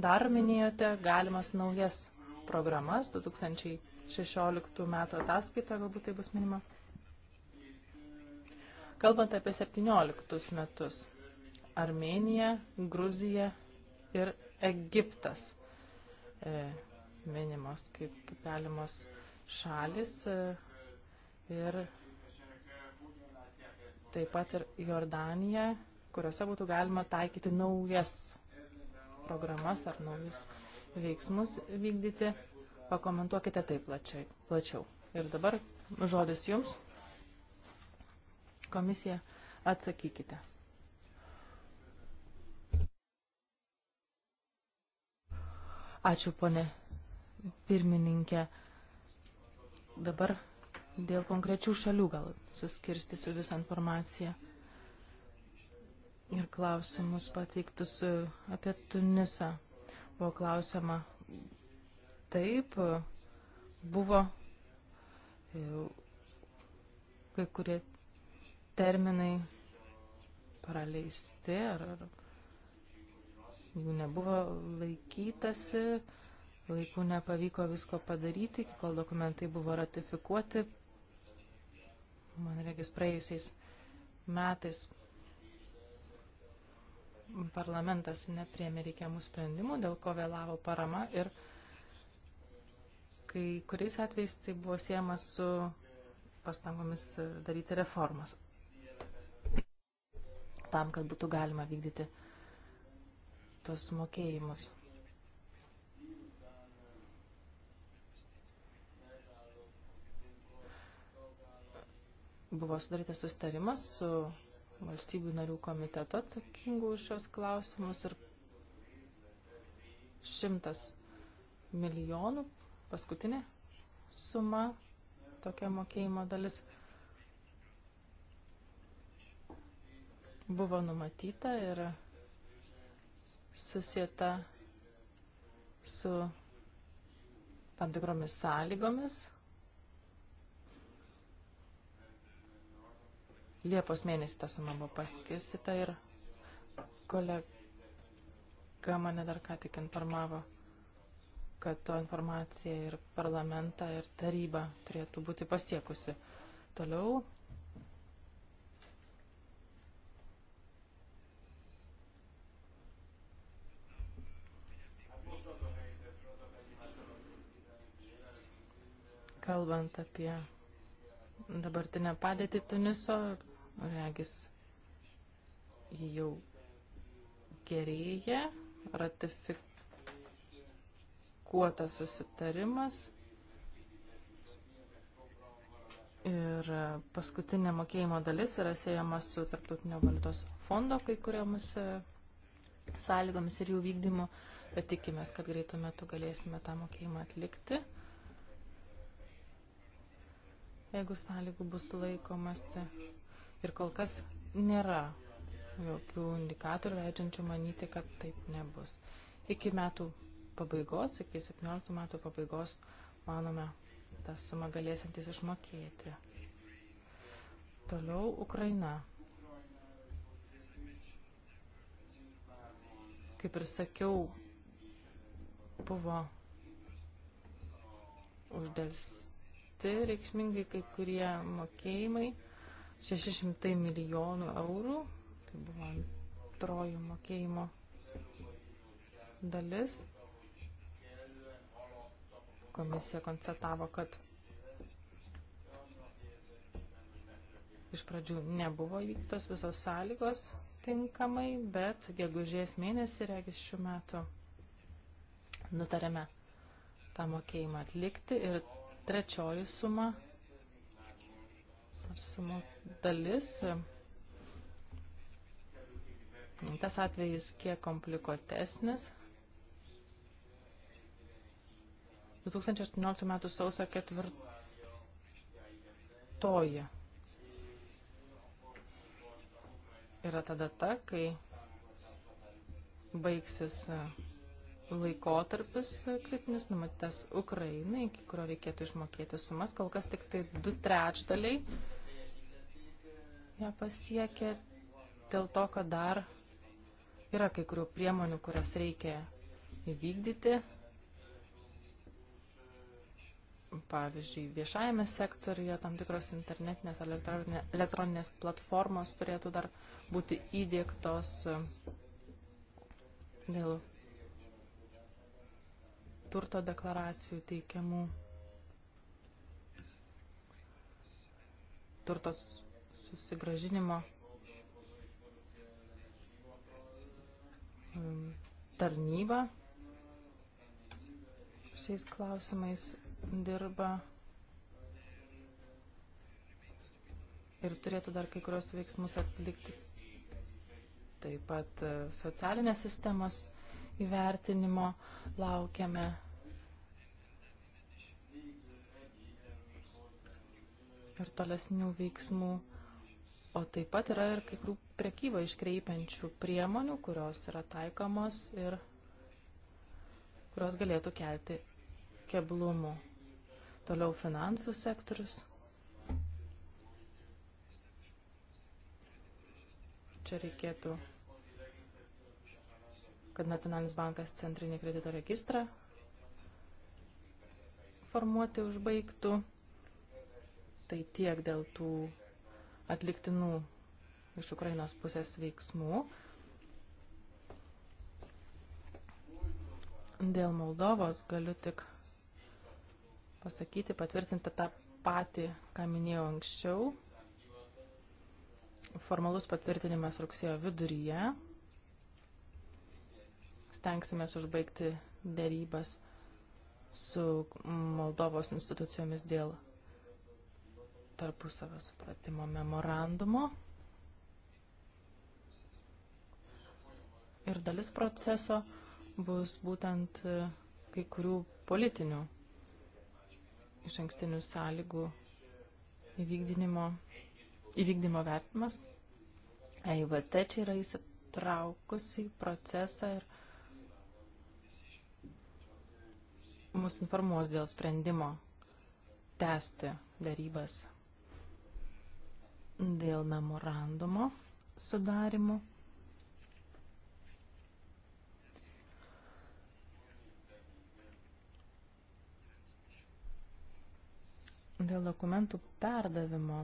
dar minėjote galimas naujas programas 2016 metų ataskaitoje, galbūt tai bus minima. Kalbant apie 17 metus, Armenija, Gruzija ir Egiptas E, minimos kaip galimos šalis e, ir taip pat ir Jordanija, kuriuose būtų galima taikyti naujas programas ar naujus veiksmus vykdyti. Pakomentuokite tai plačiai, plačiau. Ir dabar žodis jums. Komisija, atsakykite. Ačiū, ponė pirmininkė. Dabar dėl konkrečių šalių gal suskirstysiu visą informaciją ir klausimus pateiktus apie Tunisą. Buvo klausima, taip, buvo e, kai kurie terminai praleisti ar, ar jų nebuvo laikytasi, laiku nepavyko visko padaryti, iki kol dokumentai buvo ratifikuoti. Man regis praėjusiais metais parlamentas nepriemė reikiamų sprendimų, dėl ko vėlavo parama ir kai kuriais atvejais tai buvo siejama su pastangomis daryti reformas tam, kad būtų galima vykdyti tos mokėjimus. Buvo sudarytas sustarimas su valstybių narių komitetu atsakingu už šios klausimus ir šimtas milijonų paskutinė suma tokia mokėjimo dalis buvo numatyta ir susieta su tam tikromis sąlygomis. Liepos mėnesį ta suma buvo paskirstyta ir kolega mane dar ką tik informavo, kad to informacija ir parlamentą, ir taryba turėtų būti pasiekusi. Toliau kalbant apie dabartinę padėtį Tuniso, regis jį jau gerėja, ratifikuotas susitarimas. Ir paskutinė mokėjimo dalis yra siejama su Tarptautinio valiutos fondo kai kuriomis e, sąlygomis ir jų vykdymu, bet tikimės, kad greitų metų galėsime tą mokėjimą atlikti jeigu sąlygų bus laikomasi. Ir kol kas nėra jokių indikatorių leidžiančių manyti, kad taip nebus. Iki metų pabaigos, iki 17 metų pabaigos, manome, tą sumą galėsintis išmokėti. Toliau Ukraina. Kaip ir sakiau, buvo uždėlstas nuversti reikšmingai kai kurie mokėjimai. 600 milijonų eurų, tai buvo antroji mokėjimo dalis. Komisija konstatavo, kad iš pradžių nebuvo įvykdytos visos sąlygos tinkamai, bet gegužės mėnesį, regis šių metų, nutarėme tą mokėjimą atlikti ir Trečioji suma ar sumos dalis. Tas atvejis kiek komplikuotesnis. 2018 m. sausio ketvirtoji yra ta data, kai baigsis laikotarpis kritinis numatytas Ukrainai, iki kurio reikėtų išmokėti sumas. Kol kas tik tai du trečdaliai ją pasiekė dėl to, kad dar yra kai kurių priemonių, kurias reikia įvykdyti. Pavyzdžiui, viešajame sektoriuje tam tikros internetinės ar elektroninės platformos turėtų dar būti įdėktos dėl turto deklaracijų teikiamų. Turtos susigražinimo tarnyba šiais klausimais dirba ir turėtų dar kai kurios veiksmus atlikti. Taip pat e, socialinės sistemos įvertinimo laukiame ir tolesnių veiksmų. O taip pat yra ir kai kurių prekybą iškreipiančių priemonių, kurios yra taikomos ir kurios galėtų kelti keblumų. Toliau finansų sektorius. Čia reikėtų, kad Nacionalinis bankas centrinį kredito registrą formuoti užbaigtų. Tai tiek dėl tų atliktinų iš Ukrainos pusės veiksmų. Dėl Moldovos galiu tik pasakyti, patvirtinti tą patį, ką minėjau anksčiau. Formalus patvirtinimas rugsėjo viduryje. Stengsime užbaigti dėrybas su Moldovos institucijomis dėl tarpusavio supratimo memorandumo. Ir dalis proceso bus būtent e, kai kurių politinių iš ankstinių sąlygų įvykdymo, įvykdymo vertimas. EIVT čia yra įsitraukusi į procesą ir mus informuos dėl sprendimo tęsti darybas dėl memorandumo sudarimo. Dėl dokumentų perdavimo.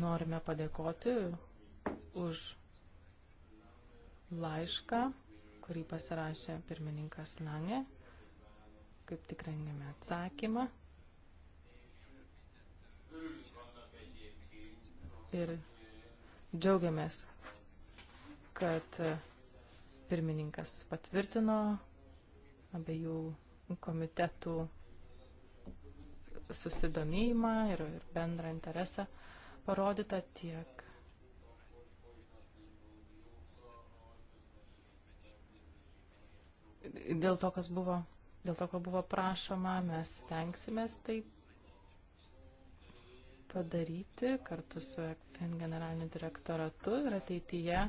Norime padėkoti už laišką, kurį pasirašė pirmininkas Langė kaip tik rengiame atsakymą. Ir džiaugiamės, kad pirmininkas patvirtino abiejų komitetų susidomėjimą ir, ir bendrą interesą parodytą tiek dėl to, kas buvo dėl to, ko buvo prašoma, mes stengsimės tai padaryti kartu su ECFIN generaliniu direktoratu ir ateityje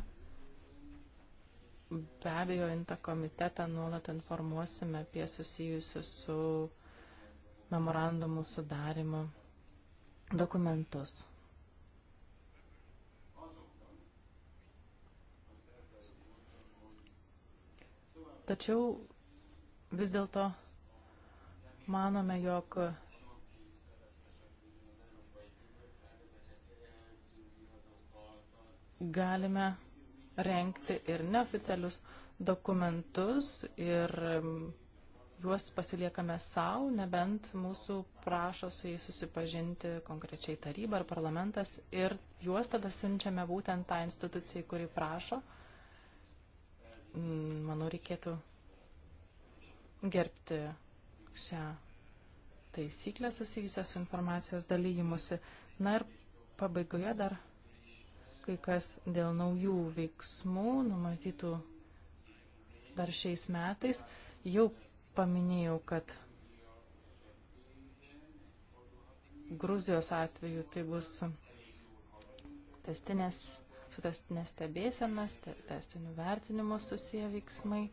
be abejo intą komitetą nuolat informuosime apie susijusius su memorandumų sudarimo dokumentus. Tačiau vis dėlto manome, jog galime renkti ir neoficialius dokumentus ir mm, juos pasiliekame savo, nebent mūsų prašo su jais susipažinti konkrečiai taryba ar parlamentas ir juos tada siunčiame būtent tą instituciją, kuri prašo. Mm, manau, reikėtų gerbti šią taisyklę susijusią su informacijos dalyjimusi. Na ir pabaigoje dar kai kas dėl naujų veiksmų numatytų dar šiais metais. Jau paminėjau, kad Gruzijos atveju tai bus testinės, su testinės stebėsenas, testinių vertinimu susiję veiksmai,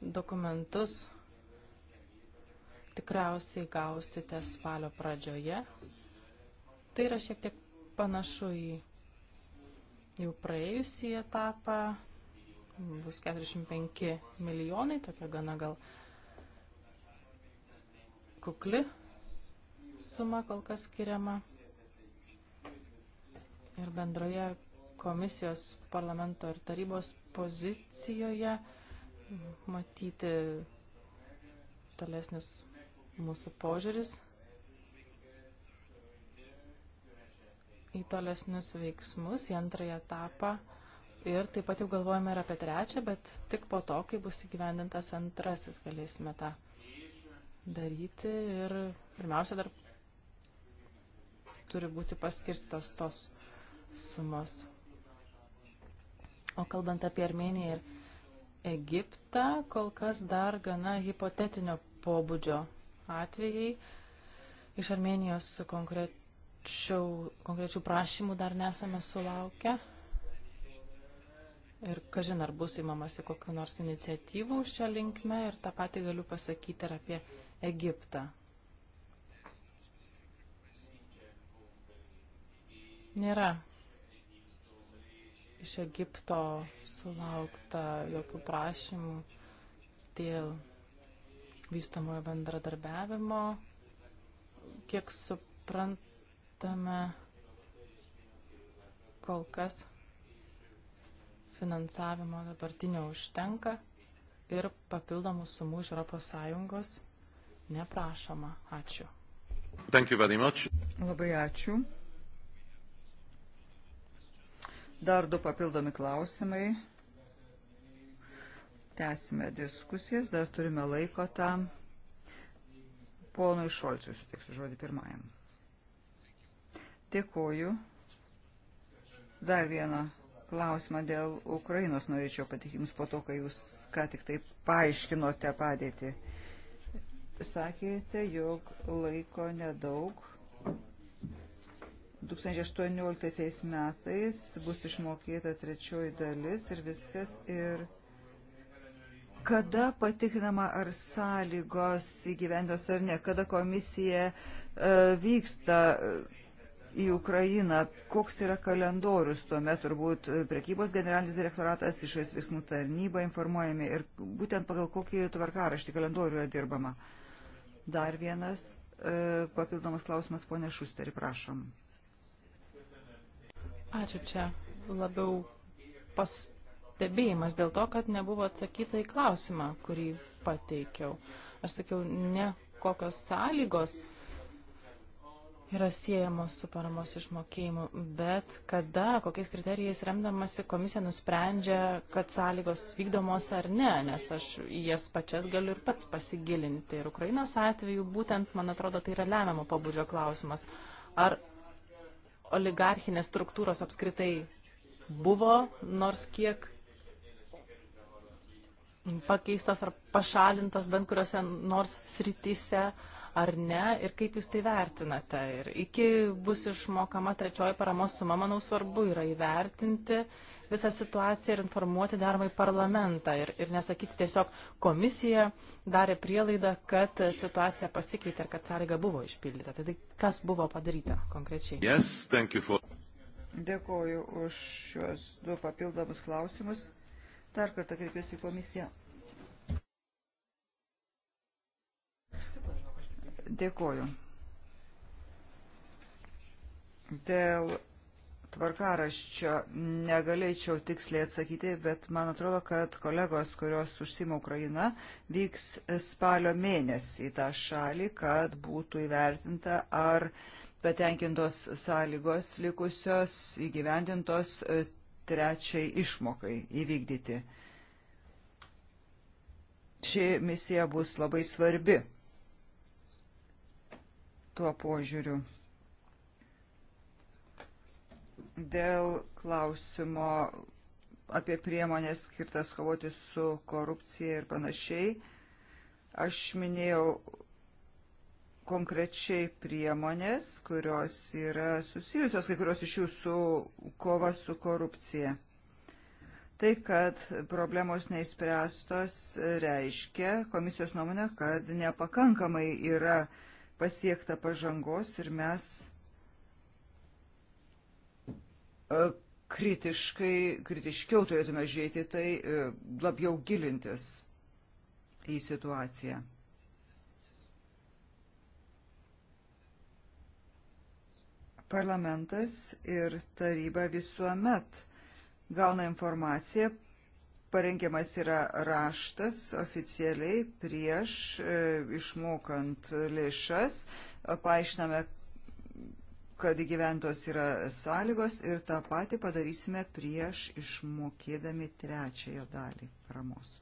dokumentus tikriausiai gausite spalio pradžioje. Tai yra šiek tiek panašu į jau praėjusį etapą. Bus 45 milijonai, tokia gana gal kukli suma kol kas skiriama. Ir bendroje komisijos parlamento ir tarybos pozicijoje matyti tolesnis mūsų požiūris į tolesnius veiksmus, į antrąją etapą. Ir taip pat jau galvojame ir apie trečią, bet tik po to, kai bus įgyvendintas antrasis, galėsime tą daryti. Ir pirmiausia, dar turi būti paskirstos tos sumos. O kalbant apie Armėniją ir Egiptą, kol kas dar gana hipotetinio pobūdžio atvejai. Iš Armenijos konkrečių prašymų dar nesame sulaukę. Ir kažin ar bus įmamasi kokiu nors iniciatyvų šią linkmę ir tą patį galiu pasakyti ir apie Egiptą. Nėra iš Egipto sulaukta jokių prašymų dėl vystamojo bendradarbiavimo. Kiek suprantame, kol kas finansavimo dabartinio užtenka ir papildomų sumų iš ES neprašoma. Ačiū. Labai ačiū. Dar du papildomi klausimai. Tęsime diskusijas, dar turime laiko tam. Ponui Šolciui sutiksiu žodį pirmajam. Dėkuoju. Dar vieną klausimą dėl Ukrainos norėčiau patikti jums po to, kai jūs ką tik taip paaiškinote padėtį. Sakėte, jog laiko nedaug. 2018 metais bus išmokėta trečioji dalis ir viskas. Ir kada patikrinama, ar sąlygos įgyvendos ar ne, kada komisija e, vyksta e, į Ukrainą, koks yra kalendorius, tuomet turbūt e, prekybos generalinis direktoratas, išorės veiksmų tarnyba informuojami ir būtent pagal kokį tvarkaraštį kalendorių yra dirbama. Dar vienas e, papildomas klausimas, ponė Šusteri, prašom. Ačiū čia labiau pas stebėjimas dėl to, kad nebuvo atsakyta į klausimą, kurį pateikiau. Aš sakiau, ne kokios sąlygos yra siejamos su paramos išmokėjimu, bet kada, kokiais kriterijais remdamasi komisija nusprendžia, kad sąlygos vykdomos ar ne, nes aš į jas pačias galiu ir pats pasigilinti. Ir Ukrainos atveju būtent, man atrodo, tai yra lemiamo pabudžio klausimas. Ar oligarchinės struktūros apskritai buvo nors kiek pakeistos ar pašalintos bent kuriuose nors srityse ar ne ir kaip jūs tai vertinate. Ir iki bus išmokama trečioji paramos suma, manau, svarbu yra įvertinti visą situaciją ir informuoti darbą į parlamentą ir, ir nesakyti tiesiog komisija darė prielaidą, kad situacija pasikeitė ir kad sąlyga buvo išpildyta. Tai kas buvo padaryta konkrečiai? Yes, for... Dėkoju už šiuos du papildomus klausimus. Dar kartą kreipiuosi į komisiją. Dėkoju. Dėl tvarkaraščio negalėčiau tiksliai atsakyti, bet man atrodo, kad kolegos, kurios užsima Ukraina, vyks spalio mėnesį į tą šalį, kad būtų įvertinta, ar patenkintos sąlygos likusios, įgyvendintos trečiai išmokai įvykdyti. Ši misija bus labai svarbi tuo požiūriu. Dėl klausimo apie priemonės skirtas kovoti su korupcija ir panašiai, aš minėjau konkrečiai priemonės, kurios yra susijusios, kai kurios iš jų su kova su korupcija. Tai, kad problemos neįspręstos, reiškia komisijos nuomonė, kad nepakankamai yra pasiekta pažangos ir mes e, kritiškai, kritiškiau turėtume žiūrėti tai, e, labiau gilintis į situaciją. Parlamentas ir taryba visuomet gauna informaciją, parengiamas yra raštas oficialiai prieš e, išmokant lėšas, paaiškiname, kad įgyventos yra sąlygos ir tą patį padarysime prieš išmokėdami trečiąją dalį paramos.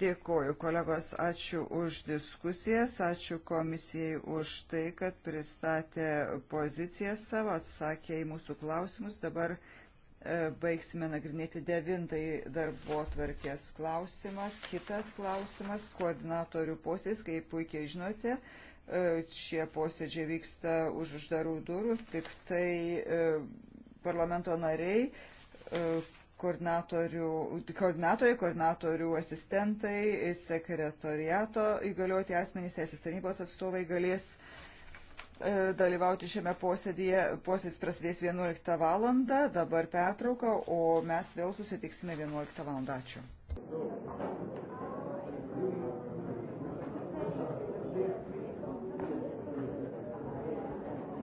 Dėkoju, kolegos, ačiū už diskusijas, ačiū komisijai už tai, kad pristatė poziciją savo, atsakė į mūsų klausimus. Dabar e, baigsime nagrinėti devintąjį darbo tvarkės klausimą. Kitas klausimas - koordinatorių posės, kaip puikiai žinote. E, šie posėdžiai vyksta už uždarų durų, tik tai e, parlamento nariai. E, koordinatoriai, koordinatorių asistentai, sekretoriato įgaliuoti asmenys, teisės tarnybos atstovai galės e, dalyvauti šiame posėdėje. Posėdis prasidės 11 val. dabar pertrauka, o mes vėl susitiksime 11 val. Ačiū.